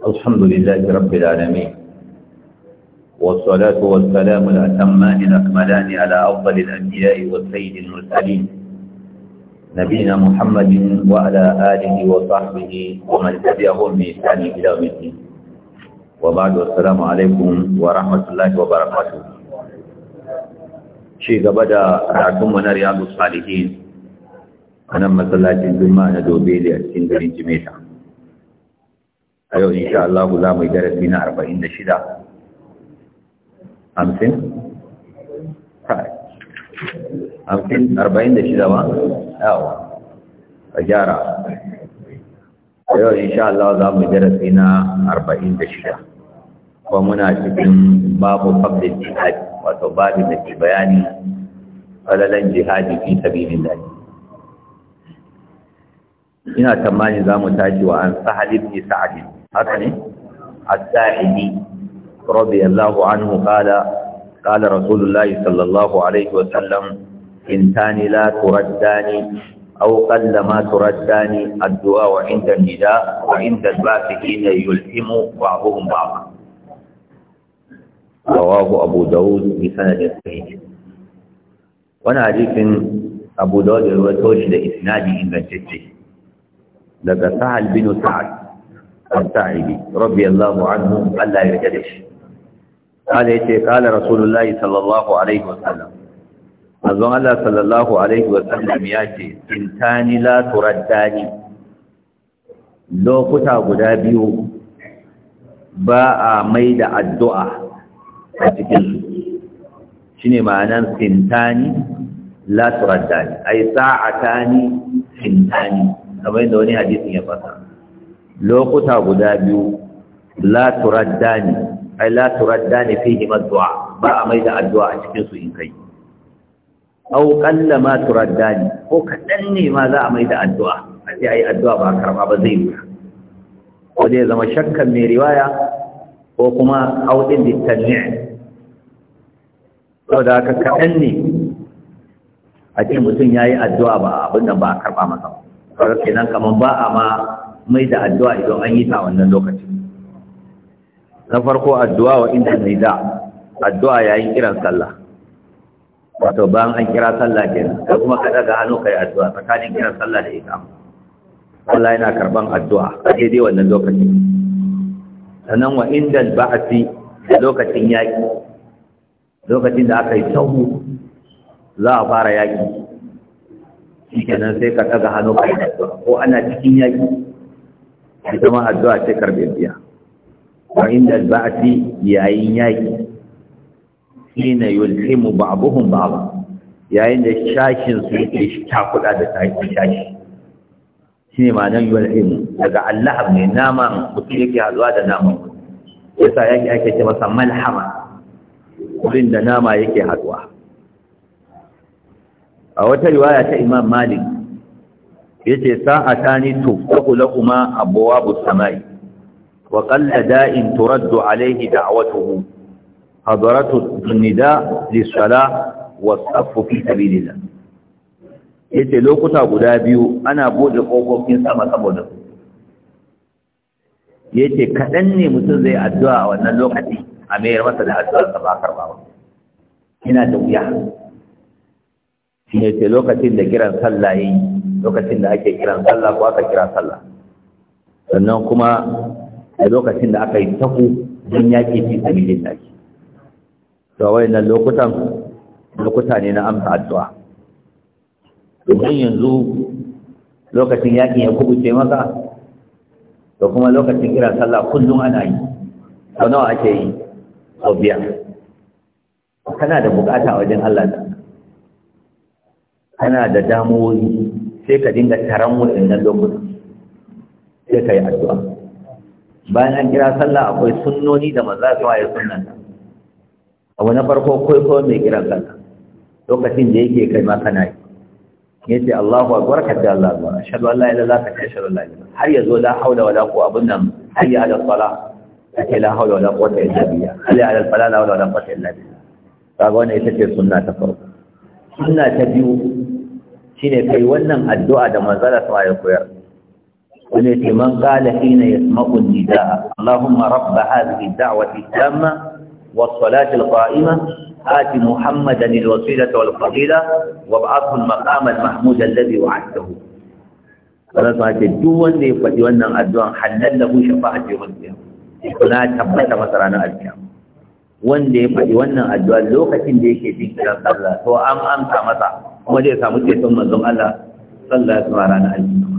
الحمد لله رب العالمين والصلاة والسلام الأتمان الأكملان على أفضل الأنبياء والسيد المرسلين نبينا محمد وعلى آله وصحبه ومن تبعهم بإحسان إلى يوم الدين وبعد السلام عليكم ورحمة الله وبركاته شيء بدأ رعكم من رياض الصالحين أنا مسلاتي الجمعة دوبيلي أسكندري جميلة a yau insha Allah za mu yi darasi na arba'in da shida hamsin? hamsin arba'in da shida ba? yawa a gyara a yau insha Allah za mu yi darasi na arba'in da shida kuma muna cikin babu fabdin jihadi wato babu da ke bayani falalan jihadi fi sabibin da ina tamani za mu tashi wa an sahal ibn sa'ad haka ne as-sa'idi radiyallahu anhu qala قال رسول الله صلى الله عليه وسلم انتان لا تردان أو قل ما تردان الدعاء عند النداء وعند الباسكين يلهم بعضهم بعضا رواه أبو داود بسند صحيح وانا حديث أبو داود رواه توشي لإسناد إن جدي لقد سهل بن سعد al-ta'ibi radiyallahu anhu Allah ya rike shi kada yace kala rasulullah sallallahu alaihi wasallam azan Allah sallallahu alaihi wasallam yace intani la turaddani lokuta guda biyu ba a maida addu'a a cikin su shine ma'anar sintani la turaddani ay sa'atani sintani kamar yadda wani hadisin ya fasara lokuta guda biyu la turaddani ai la turaddani fihi maddu'a ba a mai da addu'a a cikin su in kai au qalla ma turaddani ko kadan ne ma za a mai da addu'a a ce ai addu'a ba karba ba zai yi ko dai zama shakkan mai riwaya ko kuma audin ko da ka kadan ne a ce mutum yayi addu'a ba abin nan ba a karba masa saboda kenan kaman ba a ma mai da addu'a idan an yi ta wannan lokacin na farko addu'a wa inda mai da addu'a yayin kiran sallah wato bayan an kira sallah kenan sai kuma ka daga hannu kai addu'a tsakanin kiran sallah da ita Allah yana karban addu'a a daidai wannan lokacin sannan wa inda ba'ati da lokacin yaki lokacin da aka yi sahu za a fara yaki kenan sai ka daga hannu kai addu'a ko ana cikin yaki ita ma addu'a ce biya wa inda ba'ati yayin yaki hina yulhimu ba'dhum ba'd yayin da shashin su yake kuda da tashi shashi shine ma'anar yulhimu daga Allah ne naman mutum yake hazuwa da nama yasa yaki ake ce masa malhama wurin da nama yake hazuwa a wata riwaya ta Imam Malik Ya ce, sa'a yace sa'atani tuqu lahuma abwabus samai wa qalla da'in turaddu alayhi da'watuhu hadaratu an-nida' lis-salah was-saffu fi ya ce lokuta guda biyu ana bude kofofin sama saboda ya ce kaɗan ne mutum zai addu'a a wannan lokaci a mayar masa da addu'a ba karba ba ina da wuya shi ne lokacin da kiran sallah ya yi lokacin da ake kiran sallah ko aka kira sallah sannan kuma a lokacin da aka yi taku don yaƙi fi sabilin laki to wai nan lokutan lokuta ne na amsa addu'a domin yanzu lokacin yaƙin ya kubuce maka to kuma lokacin kiran sallah kullum ana yi sau nawa ake yi sau biyar kana da bukata wajen Allah da kana da damuwoyi sai ka dinga taron waɗannan lokuta sai ka yi addu'a bayan an kira sallah akwai sunnoni da maza su waye sunnan abu na farko kwaikwayo mai kiran sallah lokacin da yake kai ma kana yi ya ce Allahu akbar ka da Allah akbar ashhadu an la ilaha illa anta ashhadu an la ilaha har yazo la haula wala quwwata abun nan da ala salah ake la haula wala quwwata illa billah hayya ala falah la haula wala quwwata illa billah ga wannan ita ce sunna ta farko sunna ta biyu shine kai wannan addu'a da manzala sa ya koyar wani ce man qala hina yasma'u nida allahumma rabb hadhihi ad-da'wati tamma was-salati al-qa'imah qaima ati muhammadan al-wasilata al-maqam wal fadila wa ba'athu آت محمدا الوسيلة والفضيلة وابعثه المقام المحمود الذي وعدته رضا الدول لفتوانا الدوان حلل له شفاعة يوم القيامة هنا تبت مثلا القيامة wanda ya faɗi wannan addu'a lokacin da yake jin kiran sallah to an amsa masa kuma zai samu ceton manzon Allah sallallahu alaihi wa ranar alkiyama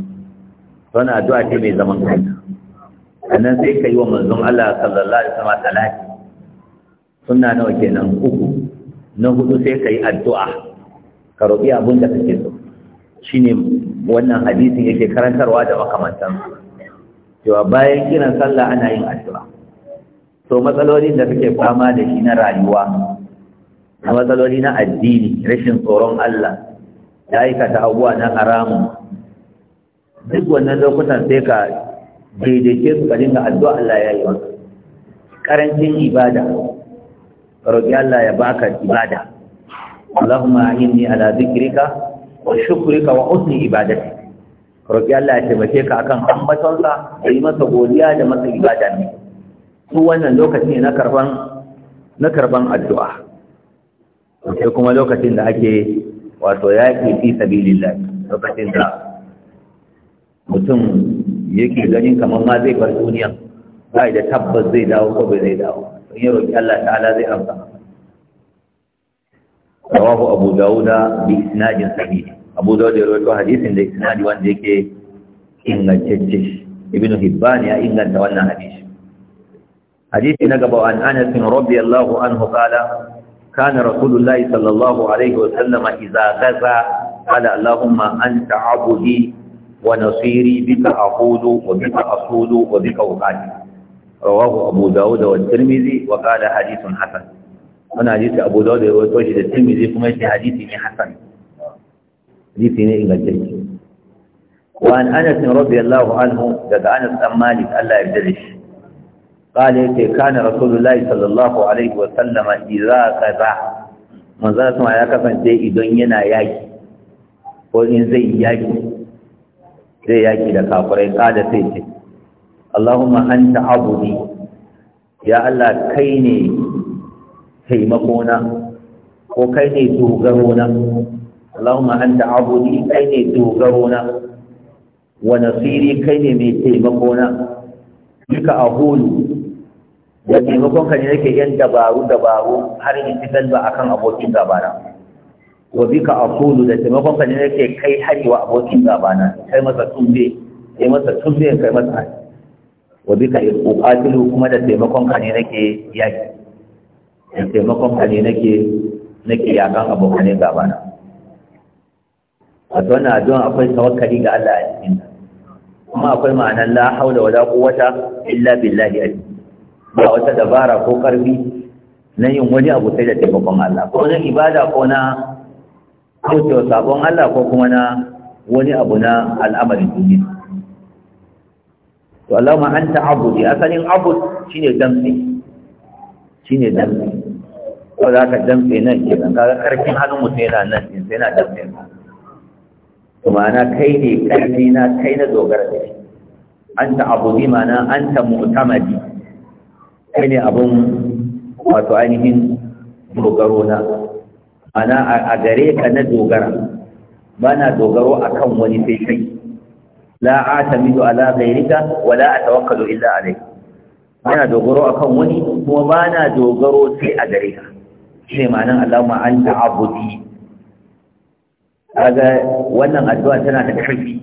to wannan addu'a ce mai zaman kanta sannan sai ka yi wa manzon Allah sallallahu alaihi wa salati sunna nawa kenan uku na hudu sai ka yi addu'a ka roƙi abin da kake so shine wannan hadisin yake karantarwa da makamantan cewa bayan kiran sallah ana yin addu'a to matsalolin da suke fama da shi na rayuwa na matsaloli na addini rashin tsoron Allah ya aikata abuwa na haramun duk wannan lokutan sai ka daidaice su ka dinga addu'a Allah ya yi maka karancin ibada Ka roƙi Allah ya baka ibada Allahumma inni ala zikrika wa shukrika wa husni ibadati roƙi Allah ya taimake ka akan ambatonsa da yi masa godiya da masa ibada ne su wannan lokaci ne na karban addu'a sai kuma lokacin da ake wato yaƙi fi sabilillah lokacin da mutum yake ganin kamar ma zai bar duniya ba da tabbas zai dawo ko bai zai dawo in yi roƙi Allah ta'ala zai amsa rawahu abu dawuda bi isnadin sahih abu dawud ya rawaito hadisin da isnadi wanda yake ingantacce ibnu hibban ya inganta wannan hadisi hadisi na gaba an anas radiyallahu anhu qala كان رسول الله صلى الله عليه وسلم إذا غزا قال اللهم أنت عبدي ونصيري بك أقول وبك أصول وبك أقاتل رواه أبو داود والترمذي وقال حديث حسن أنا حديث أبو داود وتوشد الترمذي كما يشي حديثي حسن حديثي إن الجيش وعن أنس رضي الله عنه قد أنس أم مالك ألا يبدلش قال يكي كان رسول الله صلى الله عليه وسلم إذا قضى من ذلك ما يكفى أن إدن ينا ياكي وإن زي ياجي زي ياجي لك لكافرين قال سيتي اللهم أنت عبدي يا الله كيني تيمقونا وكيني توغرونا اللهم أنت عبدي كيني توغرونا ونصيري كيني ميتيمقونا بك أقول da taimakon ka ne nake yan dabaru dabaru har in ci galba akan abokin gabana wa bika aqulu da taimakon ka ne nake kai hari wa abokin gabana kai masa tumbe kai masa tumbe kai masa hari wa bika uqatilu kuma da taimakon ka ne nake yaki da taimakon ka ne nake nake yakan abokan gabana wato wannan addu'a akwai tawakkali ga Allah a cikin kuma akwai ma'anar la haula wala quwwata illa billahi ba wata dabara ko karfi na yin wani abu sai da taimakon Allah ko na ibada ko na kaucewa sabon Allah ko kuma na wani abu na al'amarin duniya to Allah ma anta abudi asalin abud shine dambe. shine dambe ko za ka damtsi nan kenan kaga karfin hannun mutum yana nan din sai na dambe. to ma'ana kai ne karfi na kai na dogara da shi anta abudi ma'ana anta mu'tamadi kai ne abin wato ainihin dogaro na ana a gare ka na dogara ba na dogaro a kan wani sai kai la a tamidu ala ghairika wa la a tawakkalu illa alai ba na dogaro a kan wani kuma ba na dogaro sai a gare ka shi ne ma'anin allama an ta'abudi kaga wannan addu'a tana da ƙarfi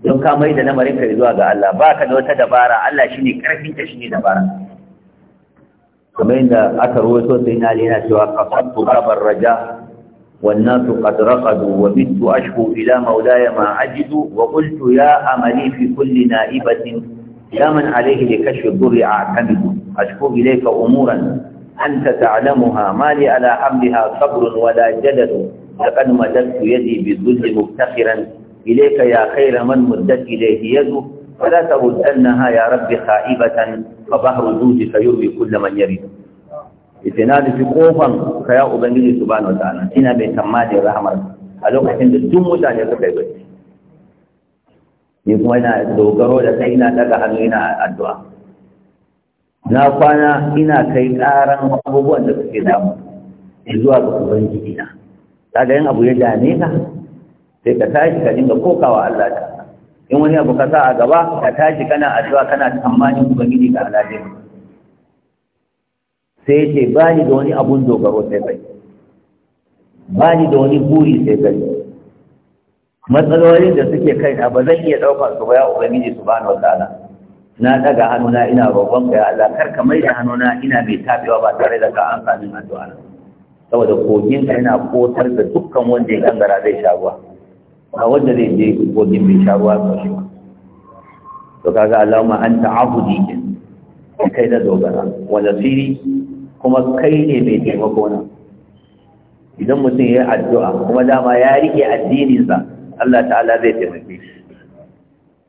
don ka mai da lamarin ka zuwa ga Allah ba ka da wata dabara Allah shi ne ƙarfin ta shi ne dabara kamar yadda aka rawaito sai قصدت باب الرجاء والناس قد رقدوا وبت أشكو إلى مولاي ما أجد وقلت يا أملي في كل نائبة يا من عليه لكشف الضر أعتمد أشكو إليك أمورا أنت تعلمها ما لي على حملها صبر ولا جلد لقد مددت يدي بالذل مفتخرا إليك يا خير من مدت إليه يده فلا تردنها يا haya, خائبة فبحر زوجك يرمي كل من يريد itina da nufi kofan ka ya ubangiji subhanahu wataala ina mai tamadin rahamar a lokacin da duk mutane suka yi bacci ni kuma ina dogaro da kai ina daka hannu ina addu'a na kwana ina kai karan abubuwan da ke damu zuwa ga ubangiji na kaga yin abu ya dame ka sai ka tashi ka dinga kokawa Allah ta in wani abu ka sa a gaba ka tashi kana addu'a kana tsammanin ubangiji ka alaje sai ce ba ni da wani abun dogaro sai kai ba ni da wani buri sai kai matsalolin da suke kai na ba zan iya ɗaukar su ba ya ubangiji subhanahu wataala na daga hannuna ina roƙon ka ya Allah kar ka mai da hannuna ina mai tafiya ba tare da ka an sami addu'a saboda kogin ka yana kotar da dukkan wanda ya gangara zai sha ruwa ba wanda zai je kogin bai sha ruwa ba shi to kaga alama an ta'ahudi din kai da dogara wa nasiri kuma kai ne mai taimako na idan mutum ya yi addu'a kuma dama ya rike addininsa Allah ta'ala zai taimake shi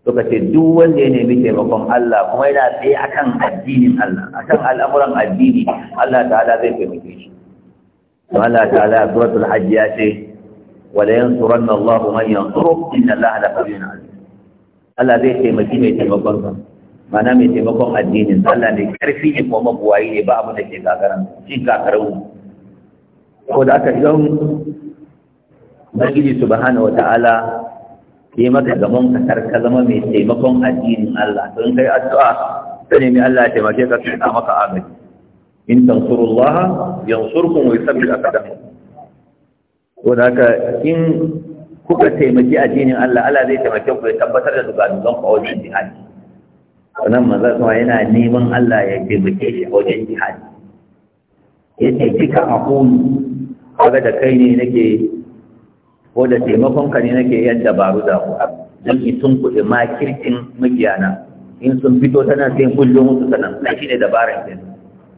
To kace duk wanda ya nemi taimakon Allah kuma yana tsaye akan addinin Allah akan al'amuran addini Allah ta'ala zai taimake shi Allah ta'ala suratul hajj ya ce wala yansuranna Allah man yansuru inna Allah la qawiyyun aziz Allah zai taimaki mai taimakon sa mai taimakon addinin Allah ne karfi ne kuma mabuwayi ne ba abin da ke ko da aka idan Ubangiji subhanahu wata'ala yi maka gaban kasar ka zama mai taimakon addinin Allah don kai addu'a ta nemi Allah ya taimake ka sai maka agaji in tansurullaha yansurkum wa yusabbit aqdamakum ko haka in kuka taimaki addinin Allah Allah zai taimake ku ya tabbatar da dugadugan ku a wajen jihadi wannan maza kuma yana neman Allah ya taimake shi a wajen jihadi yace kika aqulu kaga da kai ne nake ko da taimakon ka ne nake yan dabaru da ku don in sun kuɗi makircin magiyana in sun fito tana sai kullo musu sanan kai shi ne dabarar ɗin.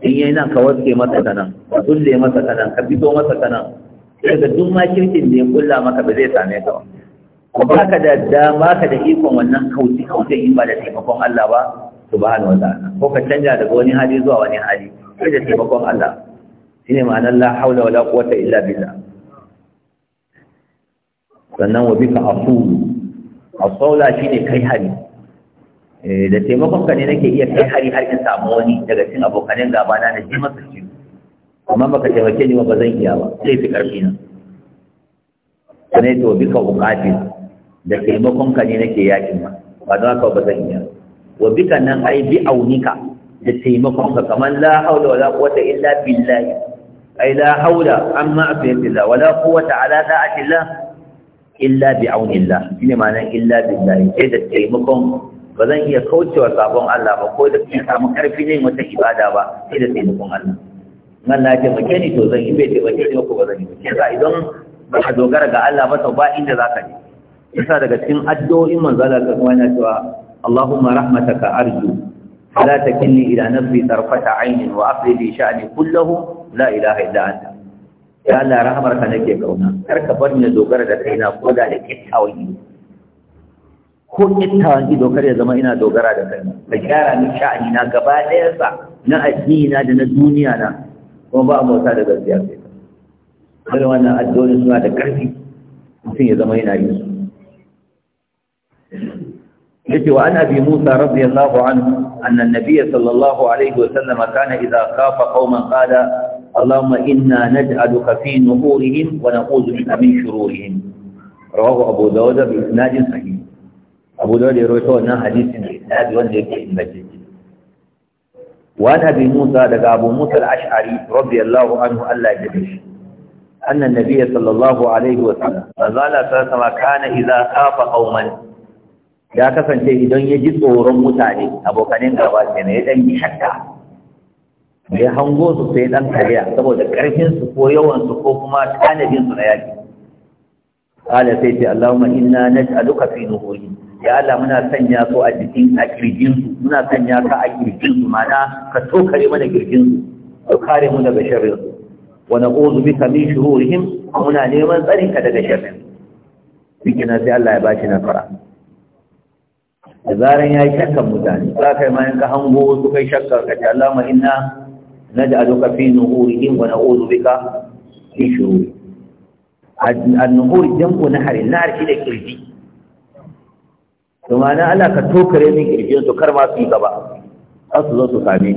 in yana ka waske masa sanan ka kulle masa sanan ka fito masa sanan daga duk ma kirkin da ya kulla maka ba zai same ka ba ko baka da dama ka da ikon wannan kauci kauce in ba da taimakon Allah ba subhanahu ta'ala ko ka canja daga wani hali zuwa wani hali sai da taimakon Allah shine ma'anar la haula wala quwwata illa billah sannan wa bika asulu asaula shine kai hari eh, da taimakon ka ne nake iya kai hari har in samu wani daga cikin abokanin gaba na na ji masa ciwo amma baka taimake ni ba zan iya ba sai fi karfi na sanai to bika bukatin da taimakon ka ne nake yakin ma. ba don haka ba zan iya wa bika nan ai bi aunika da taimakon ka kamar la haula wala quwwata illa billahi ai la haula amma afiyatillah wala quwwata ala da'atillah illa bi aunillah shine ma'anar illa billahi sai da taimakon ba zan iya kaucewa sabon Allah ba ko da kuma samu karfi ne wata ibada ba sai da taimakon Allah Allah ya taimake ni to zan yi bai taimake ni ko ba zan yi ba kisa idan ba ka dogara ga Allah ba to ba inda za ka je isa daga cikin addu'o'in manzo Allah ta kuma yana cewa Allahumma rahmataka arju fala takilni ila nafsi tarfata aynin wa afri li sha'ni kullahu la ilaha illa anta ya Allah rahmarka nake kauna kar ka bar ni dogara da kaina ko da da kittawan ido ko kittawan ido kar ya zama ina dogara da kaina ka gyara min sha'ani na gaba ɗayansa na addini na da na duniya na kuma ba a bauta da gaskiya sai ta irin wannan addu'o'in suna da ƙarfi mutum ya zama yana yin su yace wa ana Musa radiyallahu anhu anna an sallallahu alaihi wa sallam kana idza khafa qauman qala allahumma inna naj'aluka fi nuhurihim wa na'udhu bika min shururihim rawahu abu dawud bi isnadin sahih abu dawud ya rawaito wannan hadisin da wanda yake wani abin musa daga abu musa al’ash’ari rabiyallahu anhu Allah ya fi annan nabi ya sallallahu alaihi wasu manzana sun sama kana iza kafa auman ya kasance idan ya ji tsoron mutane abokanin gaba ke ya dan yi shakka ya hango su sai dan kariya saboda karfin su ko yawan ko kuma tanadin na yaki qala sai sai allahumma inna nas'aluka fi nuhurin ya Allah muna sanya su a jikin a kirjinsu muna sanya ka a kirjinsu mana ka tokare mana kirjinsu ka kare mu daga sharrin su wa na'udhu bika min shururihim muna neman tsarin ka daga sharrin sikina sai Allah ya bashi nasara da zaran ya yi shakkan mutane za ka ma yanka hango su kai shakkar ka Allah ma inna ka fi nuhurihim wa na'udhu bika min shururihim an-nuhur jam'u nahr nahr shi da kirji to ma'ana Allah ka tokare min kirjin su kar ma su yi gaba a su zo su same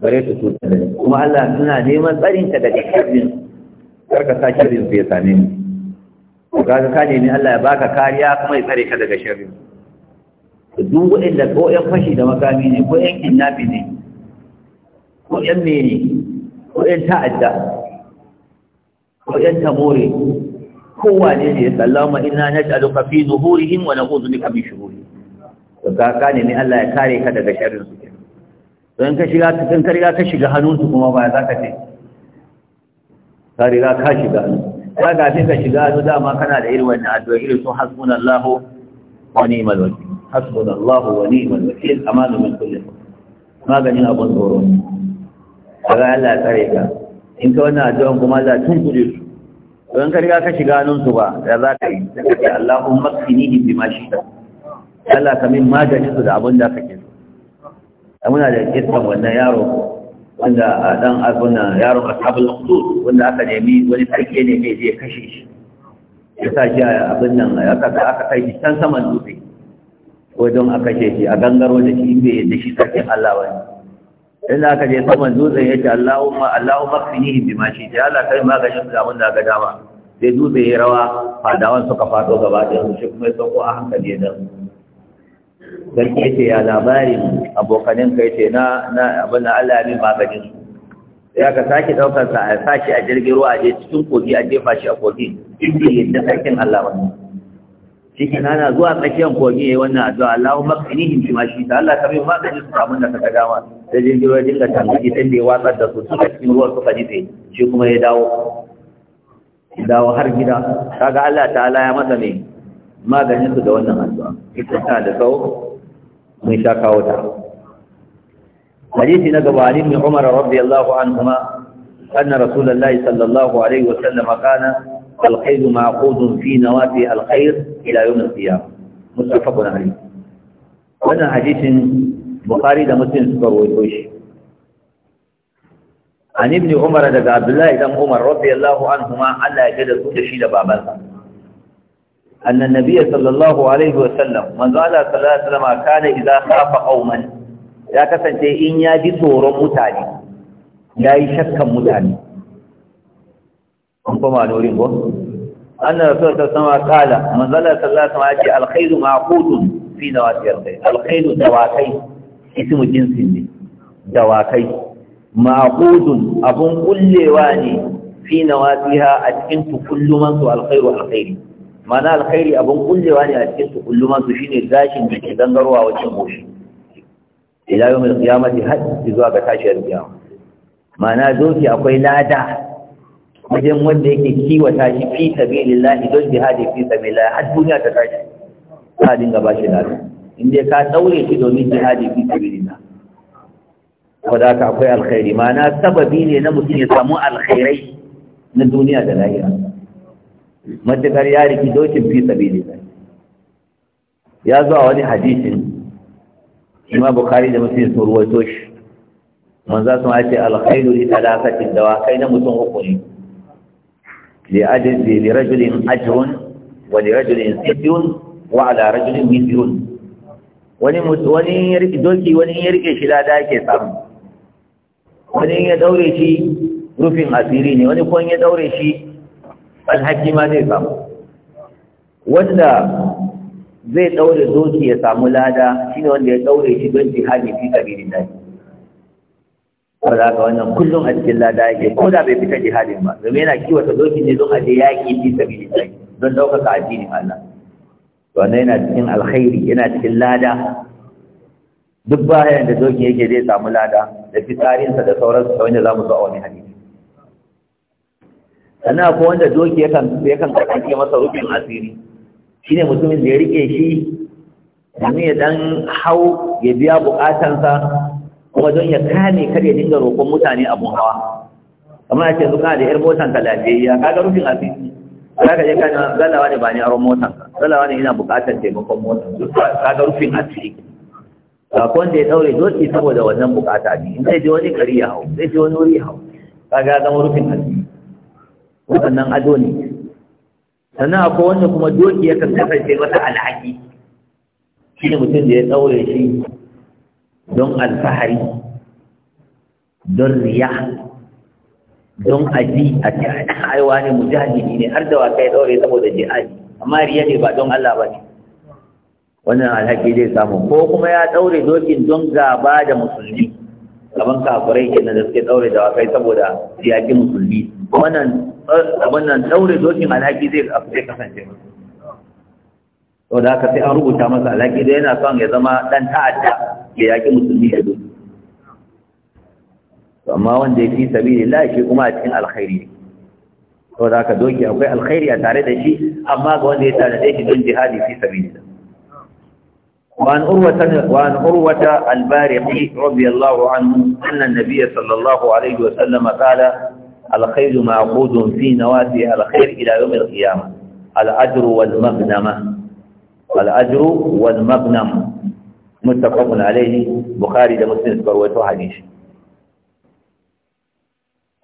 bare su su da kuma Allah suna neman tsarin ka daga kirjin kar ka sa kirjin su ya same ni Ka ka ka nemi Allah ya baka kariya kuma ya tsare ka daga sharri duk wanda ko yan fashi da makami ne ko yan kinnafi ne ko yan mene ko yan ta'adda ko yan tamore wane ne sallama inna naj'aluka fi zuhurihim wa na'udhu bika min shurur to ka ka nemi Allah ya kare ka daga sharrin su don ka shiga cikin ka riga ka shiga hannunsu kuma ba za ka ce ka riga ka shiga ka gafi ka shiga hannu dama kana da irin wannan addu'a irin su hasbunallahu wa ni'mal wakil hasbunallahu wa ni'mal wakil amanu min kulli maganin abun tsoro kaga Allah ya kare ka in ka wannan addu'an kuma za tun kuje su don ka riga ka shiga hannunsu ba da za ka yi sai ka ce Allahumma qini bi ma shi'a Allah ka min maganin su da abin da kake so muna da kisan wannan yaro wanda a dan abunan yaron ashabul qudud wanda aka nemi wani sarki ne mai zai kashe shi ya sa shi abin nan aka aka kai shi can saman dutse ko don aka ce shi a gangaro da shi bai yadda shi sarkin Allah wani inda aka je saman dutse ya ce Allahumma Allahumma finihi bima shi ta Allah kai maganin da abin da ga dama sai dutse ya rawa fadawan suka fado gaba ɗaya su shi kuma ya sauko a hankali ya dawo sarki yace ya labarin abokanin ka ce na na abin Allah ya min maganin su Ya aka sake daukar sa a sashi a jirgin ruwa je cikin kogi a jefa shi a kogi inda da sarkin Allah wani shi na zuwa tsakiyar kogi yayi wannan addu'a Allahumma qinihim ma shi ta Allah ka bi maganin su abin da ka dama da jirgin ruwa dinga tambaye sai da ya watsar da su suka cikin ruwa suka sai shi kuma ya dawo dawo har gida kaga Allah ta'ala ya masa ne maganin su da wannan addu'a ita ta da sau mun sha kawo ta hadisi na gaba ne mai umar radiyallahu anhu ma. anna rasulullahi sallallahu alaihi wa sallam kana alkhairu ma'qudun fi al alkhair ila yawm alqiyam muttafaqun alayh wannan hadisin bukhari da muslim suka rawaito shi an ibn umar daga abdullahi dan umar radiyallahu anhu ma Allah ya jada su da shi da babansa أن النبي صلى الله عليه وسلم من قال صلى الله عليه وسلم كان إذا خاف ya kasance in ya ji tsoron mutane ya yi shakkan mutane kuma nurin ko anna rasul ta sama kala manzala sallallahu alaihi wasallam ya alkhairu ma'qudun fi nawasiyar kai alkhairu dawakai ismu jinsin ne dawakai ma'qudun abun kullewa ne fi nawasiha a cikin tukulluman su alkhairu alkhairi ma'ana alkhairi abin kullewa ne a cikin su kulluman su shine gashin da ke gangarwa wajen goshi ila yau mai kiyamati har zuwa ga tashiyar kiyama ma'ana doki akwai lada wajen wanda yake kiwata shi fi sabilillahi don jihadi fi sabilillahi har duniya ta tashi ka dinga ba shi lada in dai ka daure shi domin jihadi fi ko da ka akwai alkhairi ma'ana sababi ne na mutum ya samu alkhairai na duniya da lahira matakar ya riki dokin fi sabili ya zo a wani hadisin ima bukari da mutum sun ruwaito shi su ma ce alkhairu li talaqatin dawa kai na mutum uku ne li ajrin li rajulin ajrun wa li rajulin sibyun wa ala rajulin mithlun wani wani ya rike doki wani ya rike shi lada yake samu wani ya daure shi rufin asiri ne wani kuma ya daure shi alhaji ma zai samu wanda zai daure doki ya samu lada shi ne wanda ya daure shi don jihadi fi sabilillah ko da ga wannan kullum a cikin lada yake ko da bai fita jihadin ba domin yana kiwata doki ne don a je yaki fi sabilillah don daukaka addinin Allah wannan yana cikin alkhairi yana cikin lada duk bayan da doki yake zai samu lada da fitarinsa da sauransu ta wanda za mu zo a wani hadisi sannan akwai wanda doki yakan yakan kasance masa rufin asiri shine mutumin da ya rike shi domin ya dan hau ya biya buƙatansa, kuma don ya kame kar ya dinga roƙon mutane abun hawa kamar a ce kana da yar motan ka lafiyayya kaga rufin asiri za ka je ka na zalawa ne ba ni aron motan zallawa ne ina buƙatar taimakon motan kaga rufin asiri ga wanda ya daure doki saboda wannan buƙata ne in zai je wani gari ya hau zai je wani wuri ya hau kaga zama rufin asiri waɗannan ado ne sannan akwai wanda kuma doki ya kasance masa alhaki shi ne mutum da ya ɗaure shi don alfahari don riya don aji a cikin aiwa ne mujahidi ne har da waka ya ɗaure saboda jihadi amma riya ne ba don Allah ba ne wannan alhaki zai samu ko kuma ya ɗaure dokin don gaba da musulmi kaman kafirai kenan da suke ɗaure da wakai saboda siyaki musulmi wannan abin nan daure dokin alhaki zai kasance masu sau da aka sai an rubuta masa alhaki da yana son ya zama ɗan ta'adda ya yaƙi musulmi da doki amma wanda ya fi sabi ne shi kuma a cikin alkhairi to da aka doki akwai alkhairi a tare da shi amma ga wanda ya tare da shi don jihadi fi sabi da وعن أروة, وعن أروة البارقي رضي الله عنه أن النبي صلى الله عليه وسلم قال الخير معقود في نواتي الخير إلى يوم القيامة الأجر والمغنم الأجر والمغنم متفق عليه بخاري لمسلم مسلم وحديث حديث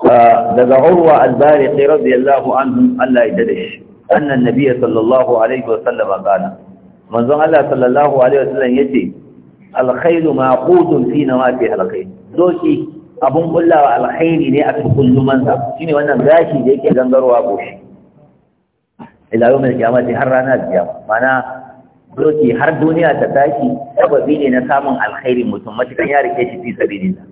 فدقى آه، عروة البارقي رضي الله عنه ألا يدرش أن النبي صلى الله عليه وسلم قال منذ الله صلى الله عليه وسلم يتي الخيل معقود في نواتي الخير دوكي abun kullawa alkhairi ne a cikin Shi ne wannan gashi da yake gangarwa goshi ila yau mai kiyama sai har rana da kiyama mana doki har duniya ta tashi sababi ne na samun alkhairi mutum matukan ya rike shi fi sabilillah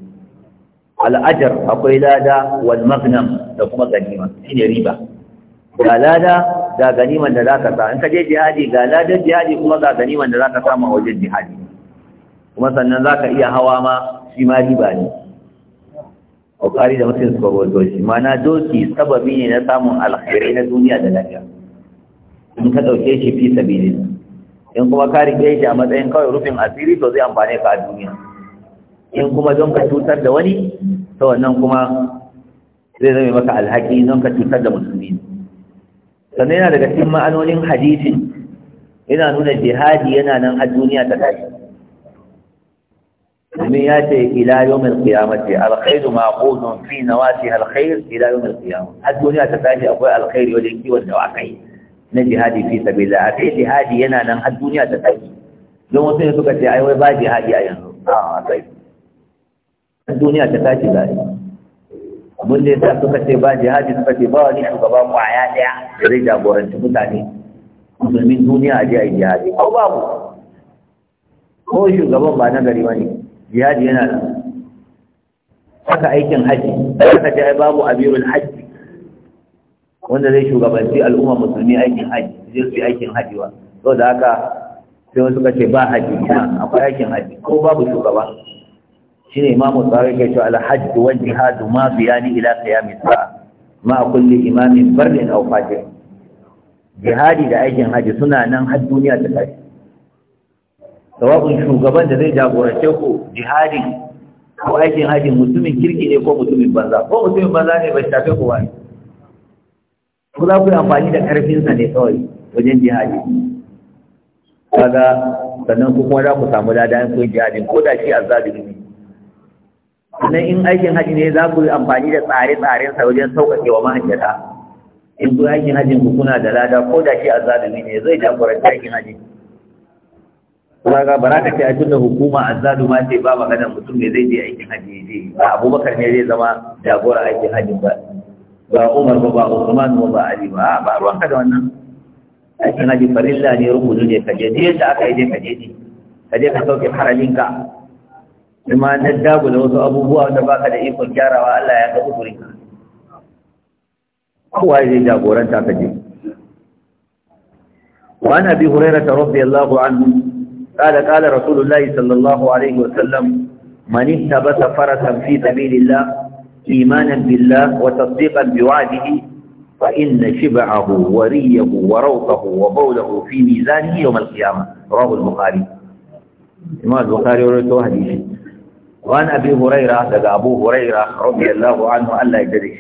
al'ajar akwai lada wal magnam da kuma ganima shine riba ga lada ga ganiman da ka sa in ka je jihadi ga ladan jihadi kuma ga ganiman da ka samu a wajen jihadi kuma sannan za ka iya hawa ma shi ma riba ne bukari da mutum suka rawaito shi mana doki sababi ne na samun alkhairai na duniya da lafiya in ka dauke shi fi sabili in kuma ka rike shi a matsayin kawai rufin asiri to zai amfane ka a duniya in kuma don ka cutar da wani to wannan kuma zai zama maka alhaki don ka cutar da musulmi sannan yana daga cikin ma'anonin hadisin yana nuna jihadi yana nan har duniya ta tashi دنياته الى يوم القيامه الخير معقود في نواتها الخير الى يوم القيامه الدنيا تفادي اقوى الخير ولكي والنواقي نجي هذه في سبيل الله في جهاد ينال الدنيا تفادي يوم سنه تكت اي وي باجي هاجي اي اه طيب الدنيا تفادي لا من دي تكت باجي هاجي تفادي با لي شباب معياده رجا بورن تبتاني من دنيا اجي اي جهاد او بابو هو شو غبا ما نغري واني jihadi yana da haka aikin haji haka ta babu abirul haji wanda zai shugabanci al'umma musulmi aikin haji zai su aikin haji ba da haka sai wasu ka ce ba haji akwai aikin haji ko babu shugaba shine imamu tsari ke cewa alhajj wani jihadu ma biyani ila qiyam sa'a ma kulli imamin barrin aw fajir jihadi da aikin haji suna nan har duniya ta tashi tawabin shugaban da zai jagorance ku jihadin ko aikin haji mutumin kirki ne ko mutumin banza ko mutumin banza ne bai shafe ku ba ku za ku yi amfani da ƙarfinsa ne kawai wajen jihadi kaga sannan ku kuma za ku samu dada in kun jihadin ko da shi azabi ne sannan in aikin haji ne za ku yi amfani da tsare-tsarensa wajen sauƙaƙe wa mahajjata in ku aikin hajin ku kuna da lada ko da shi azzalimi ne zai jagorance aikin haji kuma ga bara ta ce a tunda hukuma azzadu ma ce ba maganar mutum ne zai je aikin haji zai ba abubakar ne zai zama jagora aikin haji ba ba umar ba ba usman ba ba ali ba ba ruwan ka da wannan aikin haji farilla ne rukuni ne kaje je da aka yi je kaje ne kaje ka sauke haraminka kuma na dagu da wasu abubuwa da ka da ikon gyarawa Allah ya kasu gurin ka kowa zai jagoranta ka je وعن ابي هريره رضي الله عنه قال قال رسول الله صلى الله عليه وسلم من اهتبس فرسا في سبيل الله إيمانا بالله وتصديقا بوعده فإن شبعه وريه وروثه وبوله في ميزانه يوم القيامة رواه البخاري إمام البخاري ورثه حديث وعن أبي هريرة لدى أبو هريرة رضي الله عنه ألا يجرش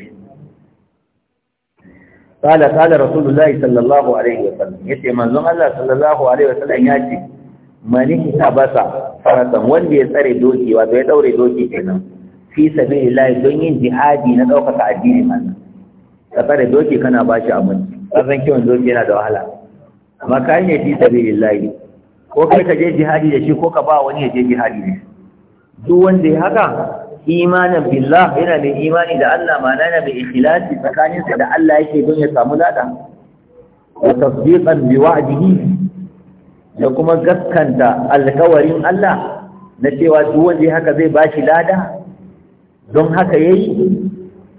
قال قال رسول الله صلى الله عليه وسلم يتي منظم الله صلى الله عليه وسلم يأتي mani basa faratan wanda ya tsare doki wato ya daure doki kenan fi sabilillah don yin jihadi na ɗaukaka addini manzo ka tsare doki kana bashi abinci kasan kiwon doki yana da wahala amma ka yi ne fi sabilillah ko kai ka je jihadi da shi ko ka ba wani ya je jihadi da shi duk wanda ya haka imanin billah yana mai imani da Allah ma na mai ikhlasi tsakaninsa da Allah yake don ya samu lada wa tasdiqan bi wa'dihi da kuma gaskanta alkawarin Allah na cewa duk wanda haka zai bashi lada don haka yayi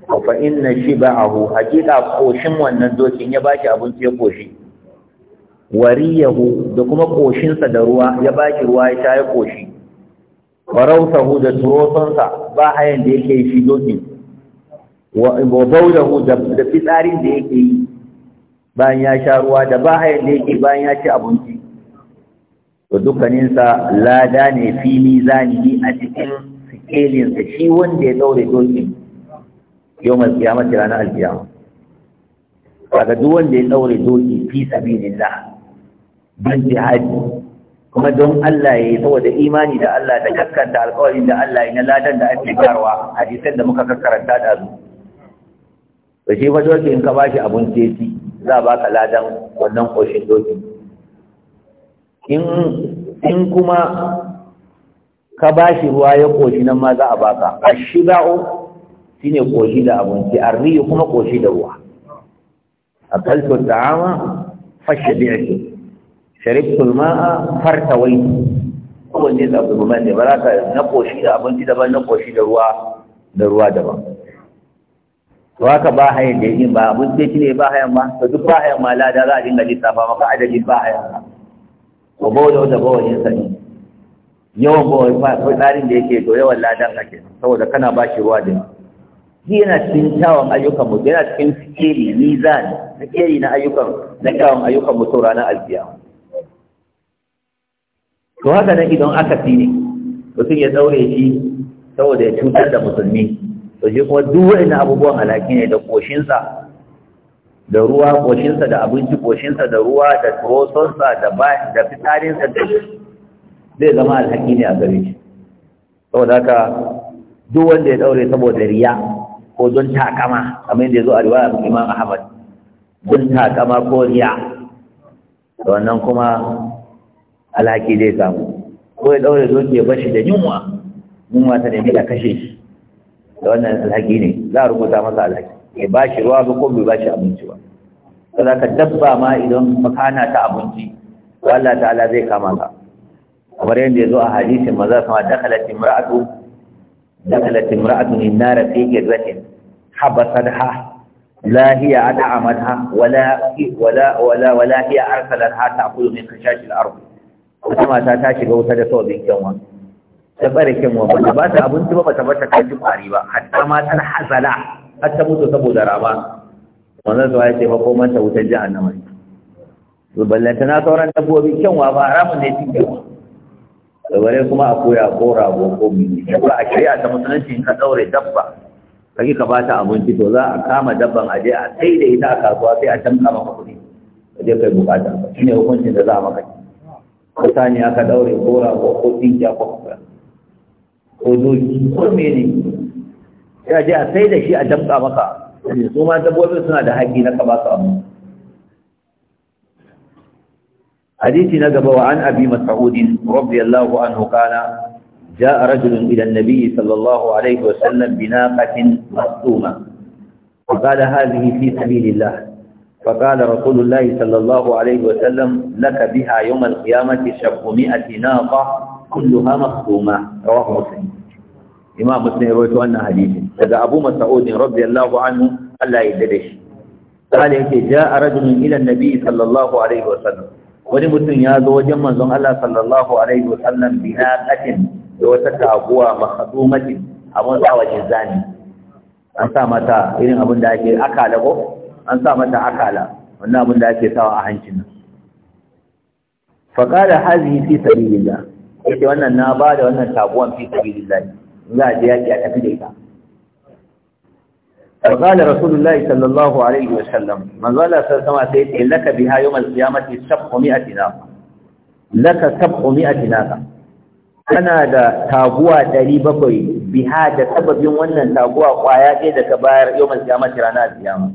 fa inna shiba'ahu hakika koshin wannan dokin ya bashi abinci ya koshi wariyahu da kuma koshinsa da ruwa ya shi ruwa ya sha ya koshi warausahu da sa ba hayan da yake shi dokin wa ibawdahu da fitsarin da yake yi bayan ya sha ruwa da ba hayan da yake bayan ya ci abinci to dukkaninsa lada ne fili zanihi a cikin sikelinsa shi wanda ya daure dokin yau mai kiyamata ranar alkiyama kaga duk wanda ya daure doki fi sabilillah don jihadi kuma don Allah ya yi saboda imani da Allah da kakkanta alkawarin da Allah ya na ladan da ake garwa hadisan da muka karanta da su to shi wajen in ka bashi abun teci za ba ka ladan wannan koshin doki in kuma ka ba shi ruwa ya koshi nan ma za a baka ashiba'u shine koshi da abinci arriyu kuma koshi da ruwa akaltu ta'ama fashbi'tu sharibtu sharifin maa fartawaitu kowanne da gumar ne ba za ka na koshi da abinci daban na koshi da ruwa da ruwa daban to haka ba hayan da yin ba abinci ne ba hayan ma to duk ba hayan ma lada za a dinga lissafa maka adadin ba hayan ko bawo da bawalin sa ne yawan bawali ba tsarin da yake to yawan ladan ake saboda kana ba shi ruwa da yawa shi yana cikin kyawun ayyukan mu yana cikin sikeri na sikeri na ayyukan na kyawun ayyukan mu ranar alkiyama to haka nan idan aka fi ne mutum ya daure shi saboda ya cutar da musulmi to shi kuma duk wa'annan abubuwan alaki ne da koshinsa da ruwa koshinsa da abinci koshinsa da ruwa da trosonsa da bayan da fitarinsa da zai zama alhaki ne a gare shi saboda haka duk wanda ya daure saboda riya ko don takama kamar yadda ya zo a riwaya imam ahmad don takama ko riya da wannan kuma alhaki zai samu ko ya daure zo ke bashi da yunwa yunwa ta nemi da kashe shi da wannan alhaki ne za a rubuta masa alhaki bai bashi ruwa ba ko bai ba abinci ba saboda ka dabba ma idan makana ta abinci Allah ta'ala zai kama ka kamar yadda ya zo a hadisin maza sama dakalat imra'atu dakalat imra'atu min nar fi jirratin habasatha la hiya at'amatha wala wala wala wala hiya arsalatha ta'kulu min khashashil ardh wata mata ta shiga wuta da sabbin kyanwa ta tsare kyanwa ba ta ba abinci ba ba ta ba ta kaji kwari ba hatta ma tana hazala har ta mutu saboda rama wannan zuwa ya ce ba koman ta wutar jahannama ne ruballanta na sauran dabbobi kyanwa ba haramun ne cikin kyanwa dabarai kuma a koya ko rago ko mini dabba a shirya ta musulunci ka daure dabba kaki ka ba ta abinci to za a kama dabban aje a sai da ita a kasuwa sai a tamka maka kuɗi je kai bukata shine hukuncin da za a maka ko sani aka daure ko rago ko tsinkiya ko kura ko doki ko mene ya je a sai da shi a damka maka su ma dabbobin suna da haƙƙi na ka ba su abu حديث نقب وعن أبي مسعود رضي الله عنه قال جاء رجل إلى النبي صلى الله عليه وسلم بناقة مصدومة فقال هذه في سبيل الله فقال رسول الله صلى الله عليه وسلم لك بها يوم القيامة شب مئة ناقة كلها مخدومة رواه مسلم imam muslim ya rawaito wannan hadisi daga abu mas'ud radiyallahu anhu Allah ya yarda da shi قال يتي جاء رجل الى النبي sallallahu alaihi عليه وسلم wani mutum ya zo wajen manzon Allah sallallahu alaihi wasallam bi naqatin da wata taguwa mahdumatin abun sa wajen zani an sa mata irin abin da ake akala ko an sa mata akala wannan abin da ake sawa a hancin fa qala hadhihi fi sabilillah yace wannan na bada wannan taguwan fi sabilillah za a je yaƙi a tafi da ita فقال رسول الله صلى الله عليه وسلم من قال صلى الله عليه وسلم لك بها يوم a سبعمائة ناقة لك سبعمائة ka, kana da taguwa ɗari bakwai biha da sababin wannan taguwa ƙwaya ɗaya da ka bayar yau mai kiyama ta rana kiyama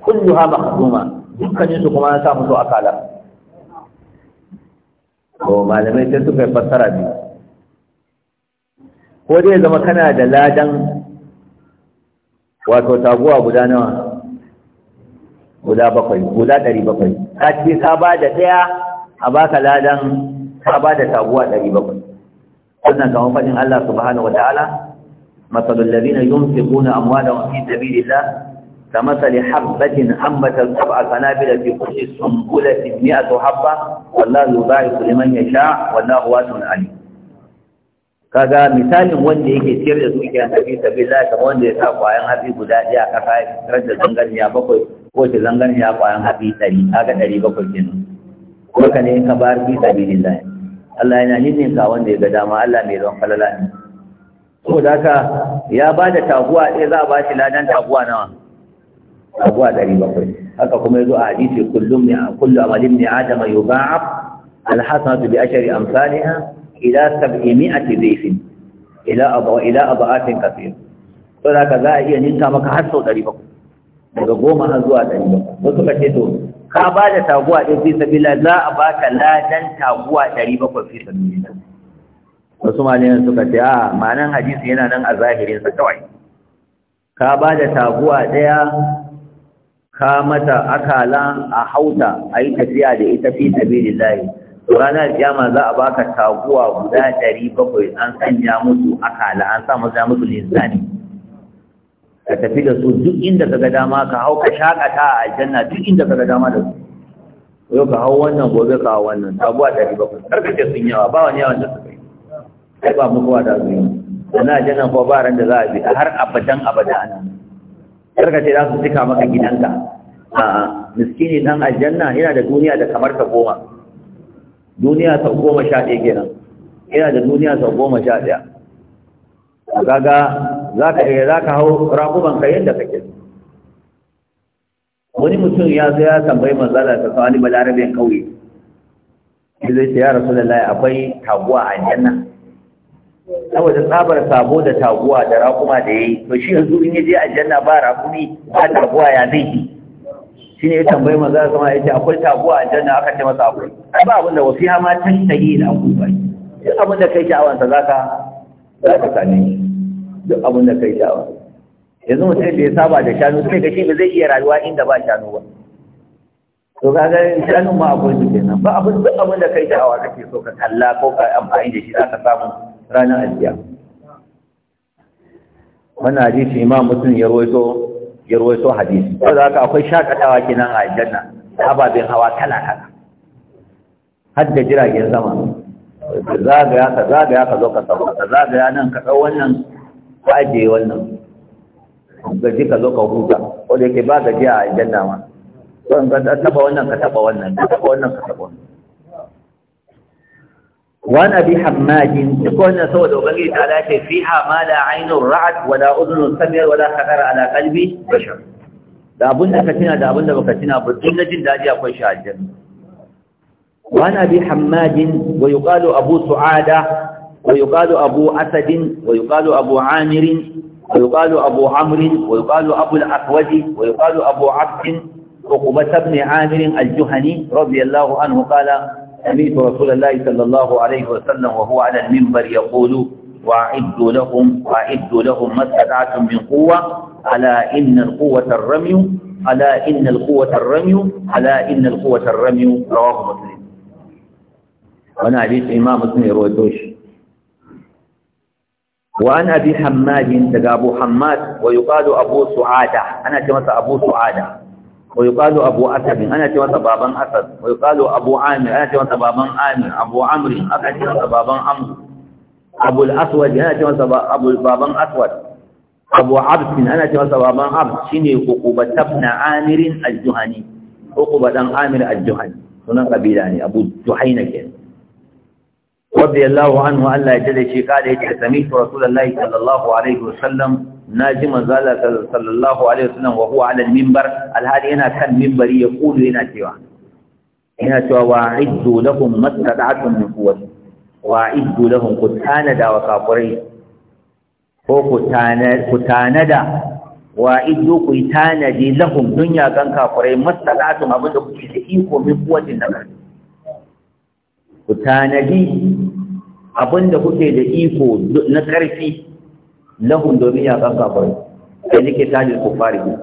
kullu ha ba kasuma dukkanin su kuma an sa musu akala to malamai sai suka yi fassara biyu ko dai zama kana da ladan wato taguwa guda nawa guda bakwai guda ɗari bakwai ka ce ka ba da ɗaya a baka ladan ka ba da taguwa ɗari bakwai wannan kamar faɗin Allah subhanahu wa ta'ala masalul ladina yunfiquna amwalahum fi sabilillah كمثل حبة أنبتت سبع سنابل في كل سنبلة مئة bai kuliman ya sha wallahu wasu na عليم kaga misalin wanda yake ciyar da dukiya na fi sabilillah kamar wanda ya sa kwayan hatsi guda ɗaya a kasa ya da zanganiya bakwai ko ta zanganiya kwayan hatsi ɗari kaga ɗari bakwai kenan haka ne ka bayar fi sabilillah Allah yana ka wanda ya ga dama Allah mai zan falala ne ko da ka ya ba da taguwa ɗaya za a ba shi ladan taguwa nawa taguwa ɗari bakwai haka kuma ya zo a hadisi kullum ne a kullum ne adama yuba'af alhasanatu bi ashari amsalha ila mi'ati dhifin ila abu ila abaatin kathir to da ka za a iya ninka maka har sau 700 daga goma har zuwa 700 wasu ka ce to ka ba da taguwa ɗin fi sabila za a ba ka ladan taguwa ɗari bakwai fi sabila wasu malayan suka ce a ma'anan hadisi yana nan a zahirinsa kawai ka ba da taguwa ɗaya ka mata akala a hauta a yi tafiya da ita fi sabila layi ranar jama za a baka taguwa guda ɗari bakwai an sanya musu akala an sa masa musu linzani ka tafi da su duk inda ka ga dama ka hau ka shakata a aljanna duk inda ka ga dama da su yau ka hau wannan gobe ka hau wannan taguwa ɗari bakwai karkace sun yawa ba wani yawan da suka yi kai ba muku wa da su yi wani aljanna ko ba ran da za a bi har abadan abada ana karkace za su cika maka gidanka a'a miskini dan aljanna yana da duniya da kamar ka goma duniya sau goma sha ɗaya kenan ina da duniya sau goma sha ɗaya a gaga za ka iya eh, za ka hau ka yadda kake wani mutum ya zo ya tambayi manzala ta sa wani balarabin kauye shi zai ce ya rasu da lai akwai taguwa a janna saboda tsabar sabo da taguwa da rakuma da ya yi to shi yanzu in ya je a janna ba rakumi ba taguwa ya zai yi shi ne ya tambayi maza zama ya ce akwai taguwa a janna aka ce masa akwai ai ba abinda wasu ya ma tashtahi da abubuwa duk abin da kai ta za ka za ka same shi duk abin da kai sha'awa yanzu mutum da ya saba da shanu sai ga shi ba zai iya rayuwa inda ba shanu ba to ga shanu ma akwai su nan. ba abin duk abin da kai sha'awa kake so ka kalla ko ka amfani da shi za ka samu ranar aljiya wannan hadisi imam mutum ya rawaito ya rawaito hadisi da haka akwai shakatawa kenan a aljanna ababen hawa kala kala har da jiragen zama, zagaya ka zagaya ka zo ka sauka ka zagaya nan ka ɗau wannan ka ajiye wannan gaji ka zo ka huta ko da yake ba gaji a janna ma don ka taɓa wannan ka taɓa wannan ka taɓa wannan ka taɓa wannan وعن أبي حماد يقولنا سوى دوبنجي تعالى فيها ما لا عين رعد ولا أذن سمع ولا خطر على قلبي بشر da abun da ka tuna da da baka tuna ba duk na jin daji a aljanna wa an abi hammadin wa yuqalu abu su'ada wa yuqalu abu asadin wa abu amirin wa abu anhu سمعت رسول الله صلى الله عليه وسلم وهو على المنبر يقول وأعدوا لهم وأعدوا لهم ما استطعتم من قوة ألا إن القوة الرمي ألا إن القوة الرمي ألا إن القوة الرمي رواه مسلم وأنا حديث إمام مسلم رويتوش وأنا أبي حماد تقى أبو حماد ويقال أبو سعادة أنا كما أبو سعادة wa yuqalu abu asad ana ce baban asad abu amir ana ce baban amir abu amr aka baban amr abu ana ce baban aswad abu ana ce baban abd shine uquba tabna amir al-juhani dan amir al-juhani sunan ne abu juhaina kenan رضي الله عنه da يجد شيء قال يجد سميت رسول الله صلى الله عليه وسلم na ji manzala sallallahu alaihi wasallam wa huwa ala minbar alhali yana kan minbari ya kulu yana cewa yana cewa wa iddu lahum mastata'atun min quwwati wa iddu lahum da wa kafirai ko kutanada wa iddu qutana tanadi lahum dunya kan kafirai abin da kuke da iko min quwwatin da karfi ku abin abinda kuke da iko na karfi lahun domin ya kan kafari sai nake tajin kufari ne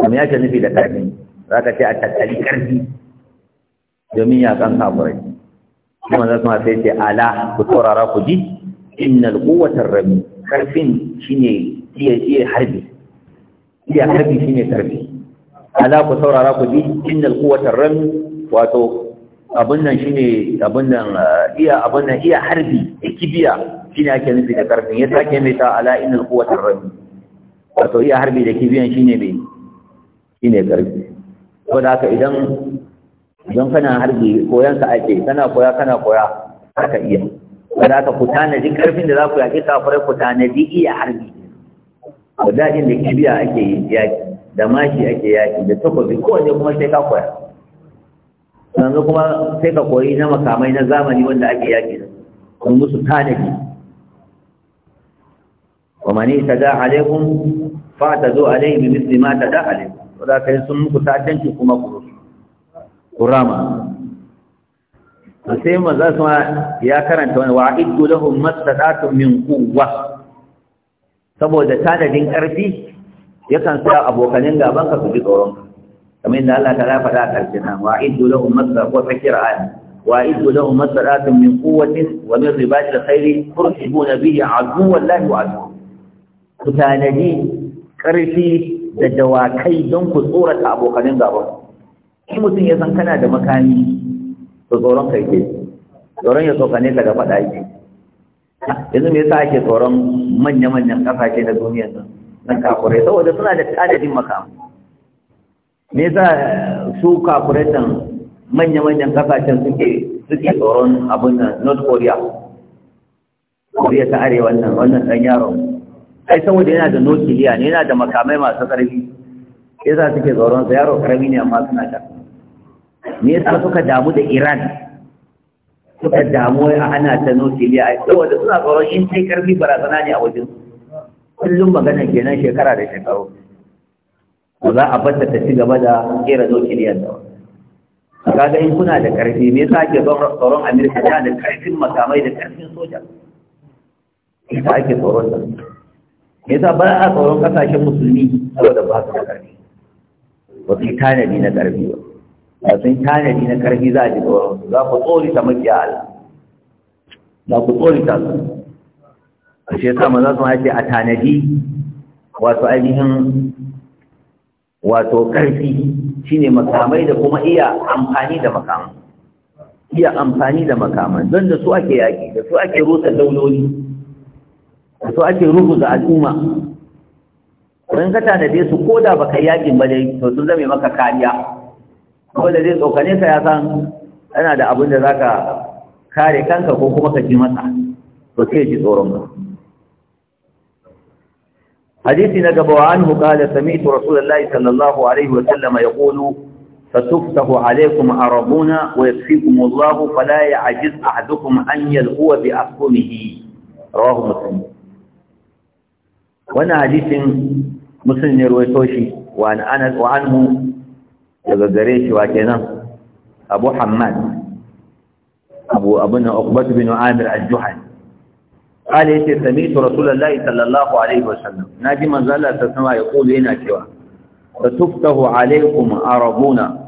amma ya ce nufi da ƙarfi za ka ce a tattali ƙarfi domin ya kan kafari kuma za su ma sai ce ala ku saurara ku ji innal quwwatar rami shi ne iya iya harbi iya harbi shine ƙarfi. ala ku saurara ku ji innal quwwatar rami wato abin nan shine abun eh, iya abun nan iya harbi da kibiya shine ake nufi da karfin ya sake mai ta ala innal quwwatar rami wato iya harbi da kibiyan shine mai shine karfi ko da haka idan idan kana harbi koyan ka ake kana koya kana koya haka iya ko da haka ku tanadi karfin da za ku yaƙi kafirai ku tanadi iya harbi ko daɗin da kibiya ake yaƙi da mashi ake yaƙi da takobi kowanne kuma sai ka koya yanzu kuma sai ka koyi na makamai na zamani wanda ake yaƙi da su tanadi ومن اهتدى عليكم فاعتدوا عليه بمثل ما اهتدى عليكم وذاك يسمى muku ta'addanci kuma kurama to sai manzo sama ya karanta wani wa'iddu saboda tanadin karfi yakan sa abokanin gaban ka su ji tsoron kamar Allah ta faɗa a ƙarshen nan wa'iddu lahum mastata'tum wa fakir ayat وأعدوا لهم ما استطعتم من قوة ومن رباط الخير ترهبون به عدو الله وعدوه ku tanadi ƙarfi da dawakai don ku tsorata abokanin gaban shi mutum ya san kana da makami to tsoron kai ke tsoron ya tsokane ka da faɗa yake yanzu me yasa ake tsoron manya-manyan ƙasashe na duniya nan na kafurai saboda suna da adadin makamu me yasa su kafurai nan manya-manyan ƙasashe suke suke tsoron abin nan north korea korea ta arewa wannan wannan ɗan yaron ai saboda yana da nukiliya ne yana da makamai masu ƙarfi za suke tsoron sa yaro ƙarami ne amma suna da me yasa suka damu da Iran suka damu a ana ta nukiliya ai saboda suna tsoron in sai ƙarfi barazana ne a wajen kullum magana kenan shekara da shekaru ba za a bata ta ci gaba da kera nokiliya da wani kaga in kuna da karfi me yasa ake ban tsoron amirka ta da karfin makamai da karfin soja ita ake tsoron da yasa ba a tsoron kasashen musulmi saboda ba su da karfi ba su tanadi na karfi ba ba yi tanadi na karfi za a ji tsoron su za ku tsori ta Allah za ku tsori ta su a shi yasa maza ma haifi a tanadi wato ainihin wato karfi shine makamai da kuma iya amfani da makamai iya amfani da makamai don da su ake yaƙi da su ake rusa dauloli da su ake ruhu da al'umma don ka tanade su ko da baka yakin ba dai to sun zame maka kariya ko da zai tsokane ka ya san yana da abin da zaka kare kanka ko kuma ka ji masa to sai ji tsoron ka hadisi na gaba wa anhu qala sami'tu rasulullahi sallallahu alaihi wa sallam yaqulu فتفتح عليكم أرضنا ويكفيكم الله فلا يعجز أحدكم أن يلقوا بأحكمه رواه مسلم Wani hadisin muslim ne ruwaito shi wa anhu daga gare shi wa kenan abu hammad abu abuna bin amir al-juhani قال يتي سمعت رسول الله صلى الله عليه وسلم ناجي من زال تسمع يقول هنا cewa فتفتح عليكم اربونا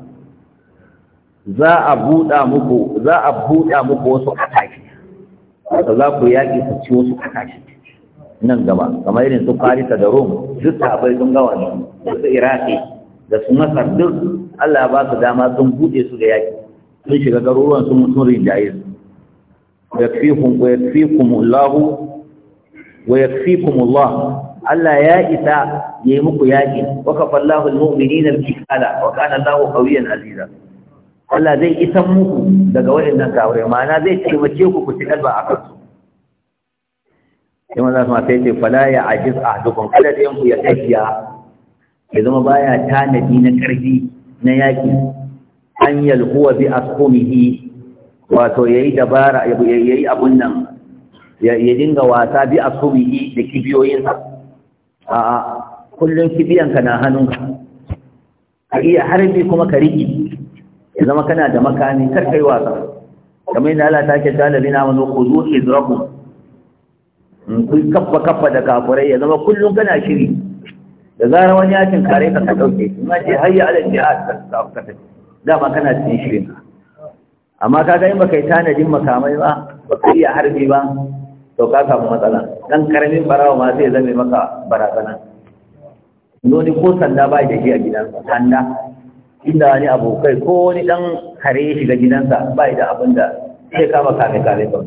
za a buɗa muku za a buɗa muku wasu ƙasashe nan gaba kamar irin su farisa da rom duk sahabai sun gawa ne da su iraki da su masar duk allah ba su dama sun buɗe su da yaƙi sun shiga garuruwan sun sun rinjaye su ya wa yakfikum allah wa mu allah allah ya isa ya yi muku yaƙi wa kafa allah almu'minina al-kifala wa kana allah qawiyan aziza Allah zai isan muku daga waɗannan kafirai ma'ana zai mace ku ku ci kalba a kansu sai maza su masu ce fala ya ajiz a dukkan kada da yanku ya tafiya ya zama baya tanadi na ƙarfi na yaƙi an yalkuwa bi askumihi wato ya yi dabara ya yi abun nan ya dinga wasa bi askumihi da kibiyoyinsa a kullum kibiyanka na hannunka ka iya harbi kuma ka riƙi ya zama kana da makami kar kai wasa kamar yadda Allah ta ke dalilina mana zuwa hidrakum kun kaffa kaffa da kafurai ya zama kullum kana shiri da zarar wani yakin kare ka ka dauke shi ma ce hayya ala jihad ka ka ta dama kana cikin shirin ka amma kaga in baka yi tanadin makamai ba baka iya harbi ba to ka samu matsala dan karamin barawa ma zai zame maka barazana noni ko sanda ba da shi a gidansa sanda inda wani abokai ko wani dan kare shiga gidansa ba da abin da sai kama kame kame ba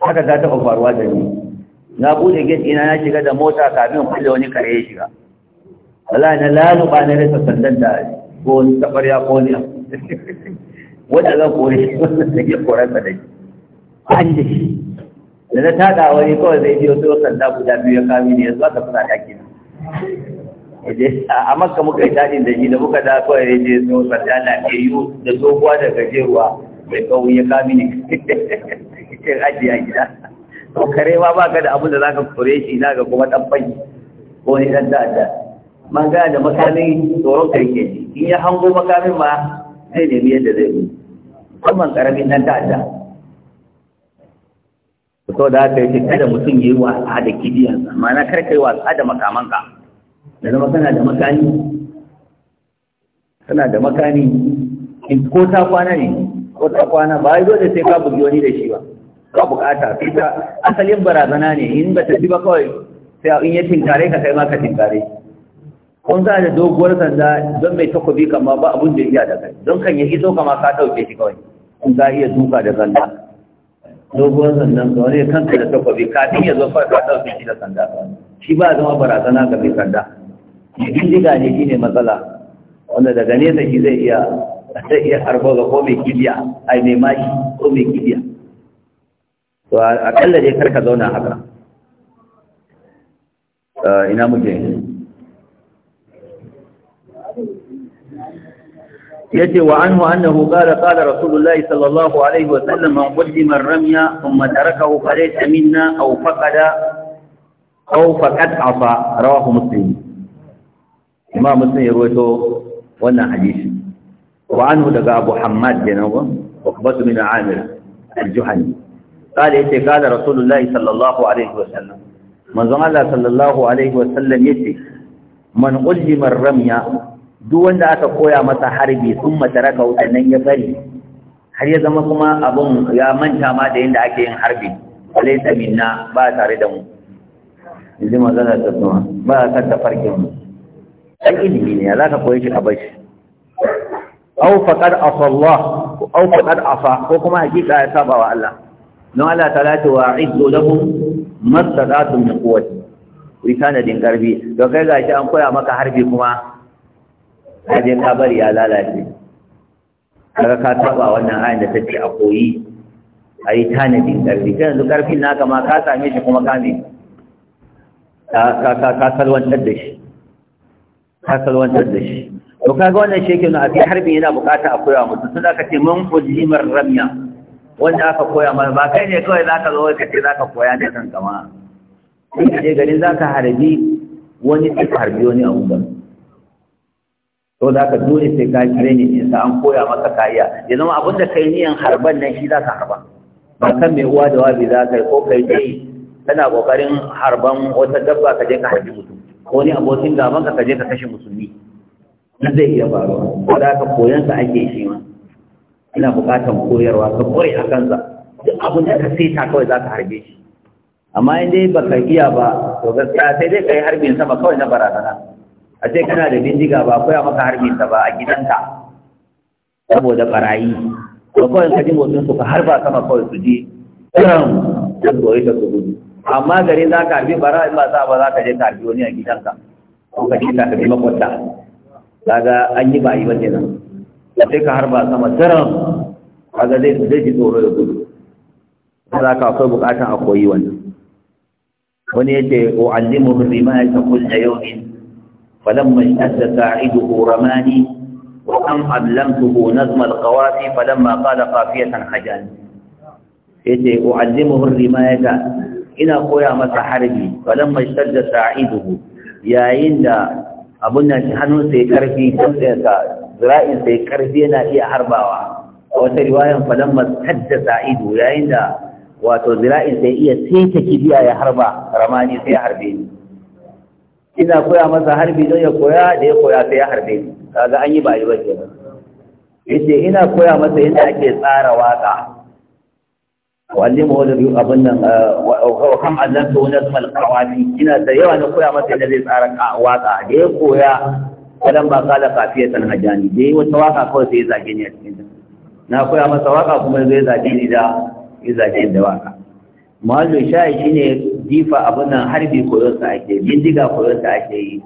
haka ta taɓa faruwa da ni na buɗe gate ina na shiga da mota kafin kulle wani kare ya shiga wala na laluba na rasa sandan da ko ya ko ne wanda zan kore shi wanda koren koransa da shi an da shi da na tada wani kawai zai biyo sai sanda guda biyu ya kami ne yanzu aka suna daki na a maka muka yi tadin da shi da muka da kawai ya je sai sanda na ke yi da tsohuwa da gajeruwa bai ƙauyuka kami ne ajiye ajiya gida to kare ma ba ka da abin da za ka kore shi na ga kuma ɗan ko ni ɗan da'adda man ga da makamin tsoron karke ji in ya hango makamin ma zai nemi yadda zai yi musamman ƙaramin ɗan da'adda to da haka yi kada mutum yi wasa da kibiyansa ma'ana kar ka yi wasa da makamanka da zama kana da makani kana da makani in ko ta kwana ne ko ta kwana ba ai dole sai ka bugi wani da shi ba ka bukata sai ta asalin barazana ne in ba ta ji ba kawai sai in ya tinkare ka kai ma ka tinkare kun za da doguwar sanda don mai takobi kama ba abun da iya da kai don kan ya iso kama ka dauke shi kawai in za iya duka da sanda doguwar sandan ka wani kanka da takobi kafin ya zo kawai ka dauke shi da sanda shi ba zama barazana ga mai sanda shi diga ne shine matsala wanda daga nesa shi zai iya zai iya karbo ga ko mai kibiya ai mai mashi ko mai kibiya to a kalla dai karka zauna haka ina muke yace wa anhu annahu qala qala rasulullahi sallallahu alaihi wa sallam man qaddima ar-ramya thumma tarakahu falaysa minna aw faqada aw faqad afa rawahu muslim imam muslim ya rawaito wannan hadisi wa daga abu hamad kenan ko ukbatu min amir al-juhani قال يتي قال رسول الله صلى الله عليه وسلم من زمان الله صلى الله عليه وسلم يتي man uljimar ramya duk wanda aka koya masa harbi sun mataraka wutannan ya bari har ya zama kuma abun ya manta ma da yadda ake yin harbi alaisa minna ba tare da mu yanzu magana ta suma ba a mu ɗan ilimi ne za ka koyi shi a bashi aw faqad afa Allah aw faqad afa ko kuma hakika ya saba wa Allah don Allah ta lati wa izzu lahum mastata'tum min quwwati wisana din karbi to kai gashi an koya maka harbi kuma kaje ka bari ya lalace kaga ka saba wannan ayin da take a koyi ayi tanadin karfi kai yanzu karfin naka ma ka same shi kuma ka me ka ka ka salwantar da shi ka salwantar da shi to kaga wannan sheke na abi harbi yana bukata a koya musu sun aka ce mun ujimar ramya wanda aka koya mana ba kai ne kawai za ka zo ka ce za ka koya ne kan kama in ka je garin za ka harbi wani sai harbi wani a umma to zaka ka dole sai ka kire ne in sa an koya maka kariya ya zama abin da kai niyan harban nan shi za ka harba ba kan mai uwa da wabi zaka yi ko kai dai kana kokarin harban wata dabba ka je ka harbi mutum ko ni abokin gaban ka ka je ka kashe musulmi na zai iya faruwa ko da aka koyansa ake shi ma ina bukatan koyarwa ka koyi a kansa duk abin da ka seta kawai za ka harbe shi amma in dai baka iya ba to gaskiya sai dai ka yi harbin sama kawai na barazana a ce kana da bindiga ba koya maka harbin sa ba a gidanka saboda barayi ba kawai ka ji motsin su ka harba sama kawai su ji ɗan da goyi ta su gudu amma gari za ka harbi bara in ba za ba za ka je ka harbi wani a gidanka ko ka ji ka bi makwabta kaga an yi ba yi ba kenan sai ka harba sama tiran kaga zai zai ji tsoro da gudu za ka akwai bukatan a koyi wannan wani ya ce o allimu bi ma ta kulla yawmin falamma shadda sa'iduhu ramani wa am allamtuhu nazm alqawafi falamma qala qafiyatan ya ce o ya ta. ina koya masa harbi falamma shadda sa'iduhu yayin da abun nan hannun sai karfi tafsir ka zira'in sai karfi yana iya harbawa a wata riwayan falan mastadda sa'idu yayin da wato zira'in sai iya ta kibiya ya harba ramani sai ya harbe ni ina koya masa harbi don ya koya da ya koya sai ya harbe ni kaga an yi ba yi ba kenan ina koya masa yadda ake tsara waka wa'allimu wani abin nan wa kam allan ta wani zumal kawafi ina da yawa na koya masa yadda zai tsara waka da ya koya kadan ba kala kafiya san hajani da yi wata waka kawai sai ya zage ni a cikin na koya masa waka kuma zai zage ni da ya zage ni da waka mahallin shayi shine jifa abin nan harbi koyon sa ake bindiga koyon sa ake yi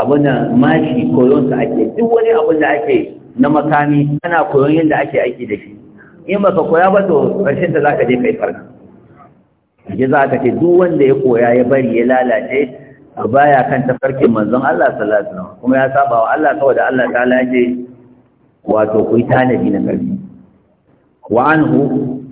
abin nan mashi koyon sa ake duk wani abin da ake na makami ana koyon yadda ake aiki da shi in ba ka koya ba to ƙarshen ta za ka je kai farka ji za ka ce duk wanda ya koya ya bari ya lalace a baya kan tafarkin manzon Allah sallallahu alaihi wasallam kuma ya saba wa Allah saboda Allah ta lace wato ku tanabi na karfi. wa anhu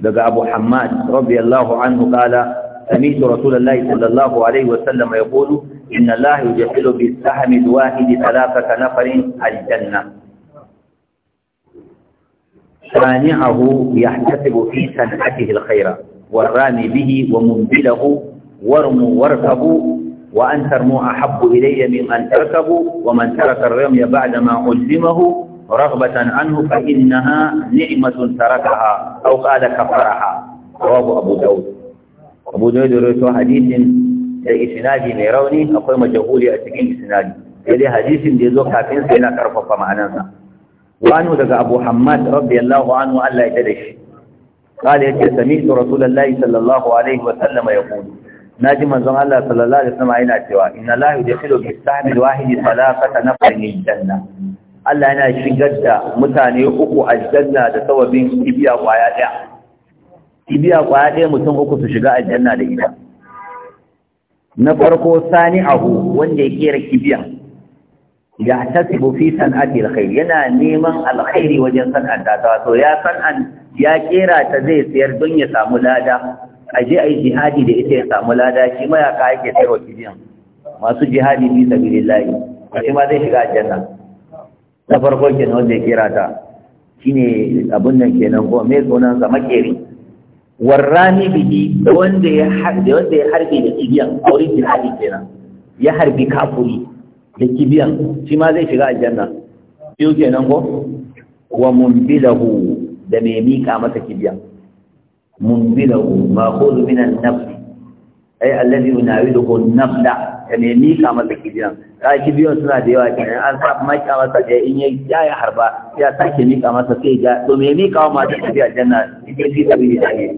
daga Abu Hammad radiyallahu anhu qala سمعت رسول الله صلى الله عليه وسلم يقول إن الله يدخل بالسهم الواحد ثلاثة نفر الجنة صانعه يحتسب في صنعته الخير والرامي به ومنبله وارموا واركبوا وأن ترموا أحب إلي من أن تركبوا ومن ترك الرمي بعدما علمه رغبة عنه فإنها نعمة تركها أو قال كفرها رواه أبو داود أبو داود رويته حديث إسنادي ميروني أقول مجهول أتكين إسنادي هذه حديث دي زوكا سينا كرفة معناها wani daga abu hamad radiyallahu anhu Allah ya da shi kala yace sami'tu rasulullahi sallallahu alaihi wa sallam yaqulu naji manzon Allah sallallahu alaihi wasallam yana cewa inna la yudkhilu bi sahmil wahid salafata nafarin aljanna Allah yana shigar da mutane uku aljanna da sawabin ibiya kwaya daya ibiya kwaya daya mutum uku su shiga aljanna da ita na farko Sani sani'ahu wanda ya kera kibiyan ya tasibu fi san'ati alkhair yana neman alkhairi wajen san'anta ta wato ya san'an ya kera ta zai sayar don ya samu lada a yi jihadi da ita ya samu lada shi ma ya ka yake wa kibiyan masu jihadi fi sabilillah shi ma zai shiga aljanna na farko na wanda ya kera ta shine abun nan kenan ko me sunan sa makeri warrani bihi wanda ya wanda ya harbi da kibiyan aure jihadi kenan ya harbi kafuri da kibiyan shi ma zai shiga aljanna ke nan ko wa munbilahu da mai mika masa kibiyan munbilahu ma'khudhu min an-nafs ay alladhi yunawiluhu an-nafla da mai mika masa kibiyan ka kibiyan suna da yawa kenan an sa maka masa da in ya ya harba ya sake mika masa sai ga to mai mika ma da kibiyan aljanna sai fi sabili da ne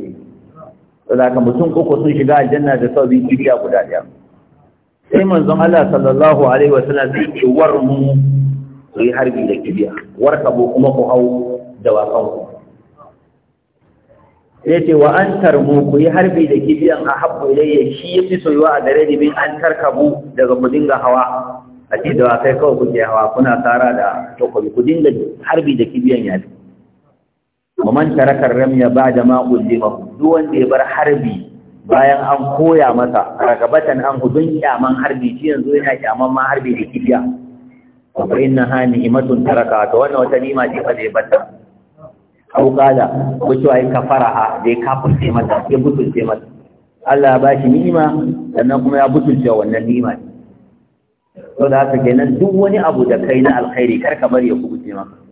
to da mutum uku sun shiga aljanna da sabbin kibiya guda daya. sai manzon Allah sallallahu alaihi sallam zai ce war mu yi harbi da kibiya war kabo kuma ku hau da wakan ku sai ce wa an tarmu ku yi harbi da kibiyan a habbu ilayya shi yafi soyuwa a gare ni bin an tarkabu daga ku dinga hawa a ce da wakai kawai kuke hawa kuna tsara da takobi ku dinga harbi da kibiyan ya wa man tarakar ramya ba da ma ulima duk wanda ya bar harbi bayan an koya masa ragabatan an hudun kyaman harbi shi yanzu yana kyaman ma harbi da kibiya kuma inna ha ni'matun taraka to wannan wata nima ce fa zai ya bata au kala ko to ai kafaraha dai ka kafirce mata ya butulce mata Allah ya bashi ni'ima sannan kuma ya butulce wannan ni'ima to da haka kenan duk wani abu da kai na alkhairi kar ka bari ya kubuce maka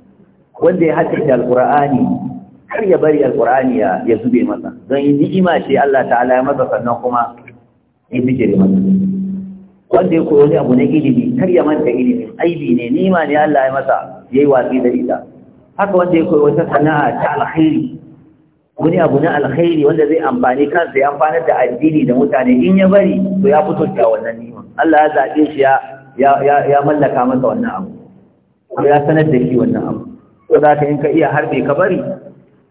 wanda ya haddace alqur'ani kar ya bari alqur'ani ya zube masa don ni'ima ce Allah ta'ala ya masa sannan kuma ya bijire masa wanda ya koyo ne abu na ilimi kar ya manta ilimin aibi ne ni'ima ne Allah ya masa ya yi watsi da ita haka wanda ya koyo wata sana'a ta alkhairi wani abu na alkhairi wanda zai amfani kansa ya amfanar da addini da mutane in ya bari to ya fito da wannan nima Allah ya zaɓe shi ya ya mallaka masa wannan abu ko ya sanar da shi wannan abu ko za ka in ka iya harbe ka bari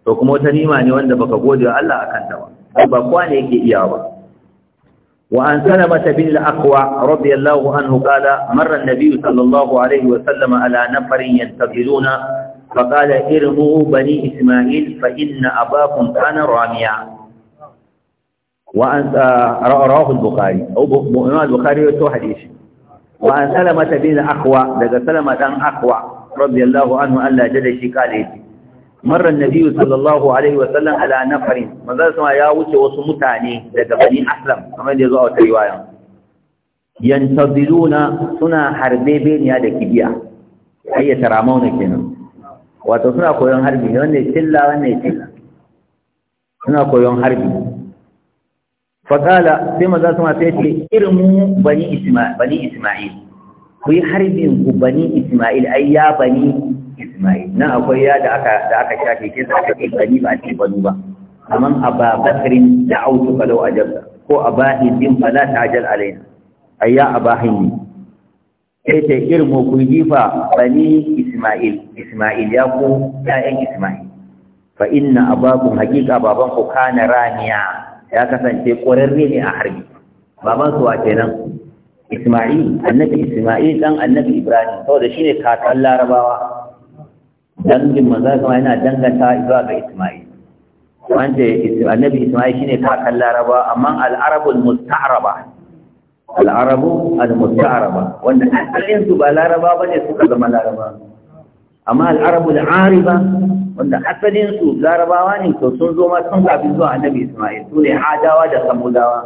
to kuma wata nima ne wanda baka gode wa Allah akan ta ba ba kowa ne yake iya ba wa an mata bin al-aqwa radiyallahu anhu qala marra an-nabi sallallahu alaihi wa sallam ala nafarin yantaziruna فقال ارموا بني إسماعيل فإن أباكم كان راميا وأن رواه البخاري أو مؤمن البخاري يتو حديث وأن سلمة بن أخوة لذا سلمة أن أخوة رضي الله عنه أن لا جد شكاله Marran nabi sallallahu alaihi wa sallam ala nafarin ya wuce wasu mutane daga bani aslam kamar da ya zo a wata riwaya yantaziluna suna harbe da kibiya ayyata ramauna kenan wato suna koyon harbi wanne tilla wanne tilla suna koyon harbi fakala sai maza suna sai ce irmu bani isma'il bani isma'il ku yi harbin bani isma'il ai ya bani Ismail nan akwai ya da aka da aka shafe ke sa aka kani ba ce banu ba kaman Aba Bakrin da'awtu falau ajabta ko Aba Idin fala ta'jal alaina ayya Aba ne. sai ta irmo ku jifa bani Ismail Ismail ya ku ya'yan Ismail fa inna abakum haqiqa baban ku kana raniya ya kasance ƙwararre ne a harbi baban su wace nan. Ismail annabi Ismail dan annabi Ibrahim saboda shine kakan Larabawa dangin manzo kuma yana danganta zuwa ga Isma'il wanda annabi Isma'il shine kakan Laraba amma al-arabul musta'raba al-arabu al-musta'raba wanda asalin su ba Laraba bane suka zama Laraba amma al-arabul ariba wanda asalin su Larabawa ne to sun zo ma sun kafin zuwa annabi Isma'il Sune ne Adawa da Samudawa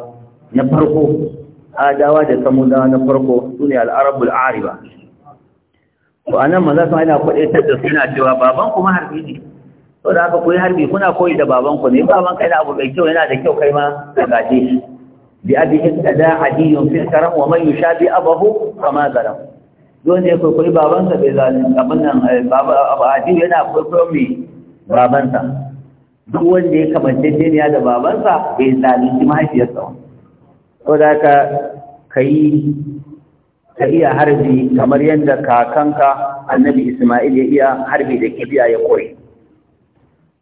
na farko Adawa da Samudawa na farko sune ne al-arabul ariba to anan maza sun ana ta da suna cewa baban kuma harbi ne to da haka koyi harbi kuna koyi da baban ku ne baban kai da abu mai kyau yana da kyau kai ma ka gaje shi bi abi da hadiyun fil karam wa man yushabi abahu kama zalam don ne ko koyi baban sa bai zalin abin nan baba abu hadi yana koyo mi baban sa duk wanda ya eh, kamace ne da baban sa bai zalunci mahaifiyarsa ba to da haka kai Ka iya harbi kamar yadda kakanka annabi Ismail ya iya harbi da kibiya ya koyi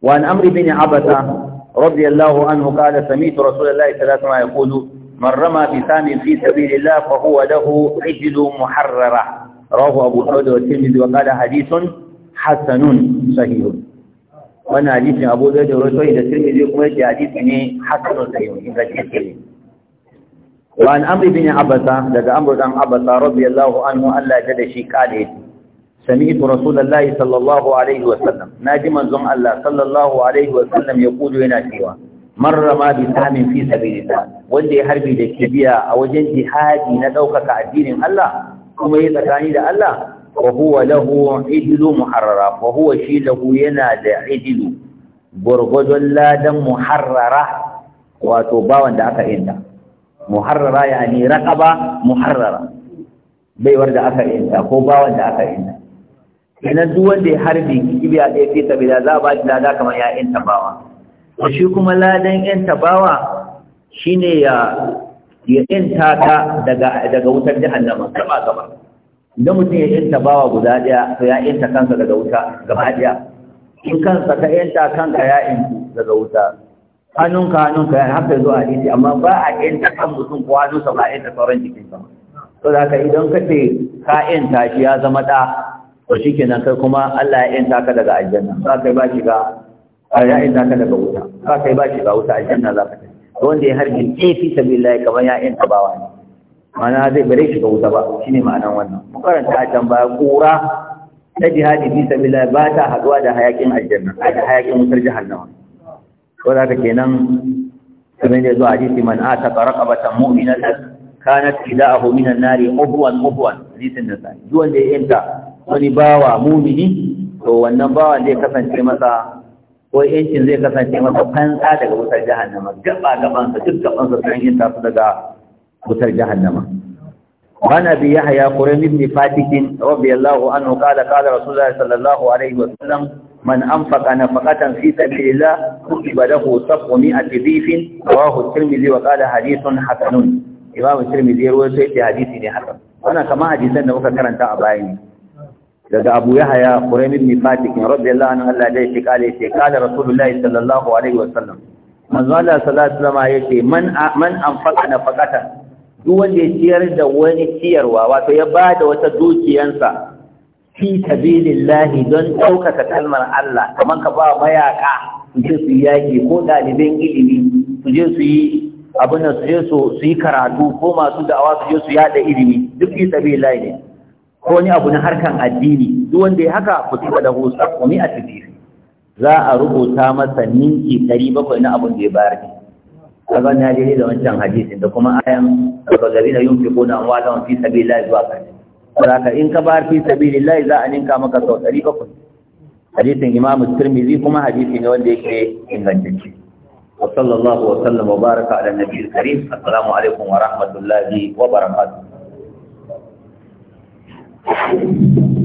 wa an amri bin abasa radiyallahu anhu qala sami'tu rasulullahi sallallahu alaihi wasallam yaqulu man rama bi samin fi sabilillah fa huwa lahu ijlu muharrara rawahu abu dawud wa tirmidhi wa qala hadithun hasanun sahih wannan hadisin abu dawud da tirmidhi kuma yace hadisi ne hasanun sahih ingantacce ne wa amri bin abasa daga amru dan abasa radiyallahu anhu Allah ya dace kade sami'tu rasulullahi sallallahu alaihi wasallam naji manzon Allah sallallahu alaihi wasallam ya kudu yana cewa marra ma bi samin fi sabilillah wanda ya harbi da kibiya a wajen jihadi na ɗaukaka addinin Allah kuma ya tsakani da Allah wa huwa lahu idlu muharrara wa huwa shi lahu yana da idilu. gurgudun ladan muharrara wato bawan da aka inda muharrara ya ne raƙaba muharrara baiwar da aka yanta ko bawan da aka yanta kenan duk wanda ya harbi kibiya ɗaya fi sabila za a ba shi lada kamar ya yanta bawa to shi kuma ladan yanta bawa shine ya ya yanta ta daga daga wutar jahannama gaba gaba idan mutum ya yanta bawa guda ɗaya to ya yanta kansa daga wuta gaba ɗaya in kansa ka yanta kanka ya yanta daga wuta hannunka hannunka yana haka zuwa hadisi amma ba a yanta kan mutum ko hannunsa ba a yanta sauran jikinsa to da ka idan ka ce ka ta shi ya zama ɗa to shi kenan kai kuma Allah ya yanta ka daga aljanna za ka yi ba shi ga ya yanta ka daga wuta za ka yi ba shi ga wuta aljanna za ka ta wanda ya harbi ke fi sabilillahi kamar ya yanta bawa ne ma'ana zai bare shi ga wuta ba shine ma'anan wannan mu karanta a can baya kura ta jihadi fi sabilillahi ba ta haɗuwa da hayakin aljanna da hayakin wutar jahannama ko da kenan kamar da zuwa hadisi man ataqa raqabatan mu'minatan kanat fida'ahu minan nari ubwan ubwan hadisin nasai duk wanda ya yanta wani bawa mu'mini to wannan bawa zai kasance masa ko yancin zai kasance masa fansa daga wutar jahannama gaba duk sun yanta su daga wutar jahannama وعن ابي يحيى قريب بن فاتك رضي الله عنه قال قال رسول الله صلى الله عليه وسلم من انفق نفقه في سبيل الله كتب له سبع 100 ضيف رواه الترمذي وقال حديث حسن امام الترمذي رواه في حديث حسن وانا كما حديثنا muka karanta a bayani daga abu yahya quraym ibn fatik radiyallahu anhu Allah dai shi kale shi kale rasulullahi sallallahu alaihi wasallam manzo Allah sallallahu alaihi wasallam yace man man anfaqa nafaqatan duk wanda ya ciyar da wani ciyarwa wato ya ba da wata dukiyansa fi sabilillahi don ɗaukaka kalmar Allah kamar ka ba mayaka su je su yaƙi ko ɗaliban ilimi su je su yi abin su je su yi karatu ko masu da'awa su je su yaɗa ilimi duk fi sabilillahi ne ko wani abu na harkan addini duk wanda ya haka ku tuba da husa ku mi a za a rubuta masa ninki ɗari bakwai na abin da ya bayar ne kaga ya je da wancan hadisin da kuma ayan al-gazalina yunfiquna amwalahum fi sabilillahi zuwa karshe saboda in ka bar fi sabilillahi za a ninka maka sau 300 hadisin Imam Tirmidhi kuma hadisi ne wanda yake ingantacce wa sallallahu wa sallama wa baraka ala nabiyil karim assalamu alaikum wa rahmatullahi wa barakatuh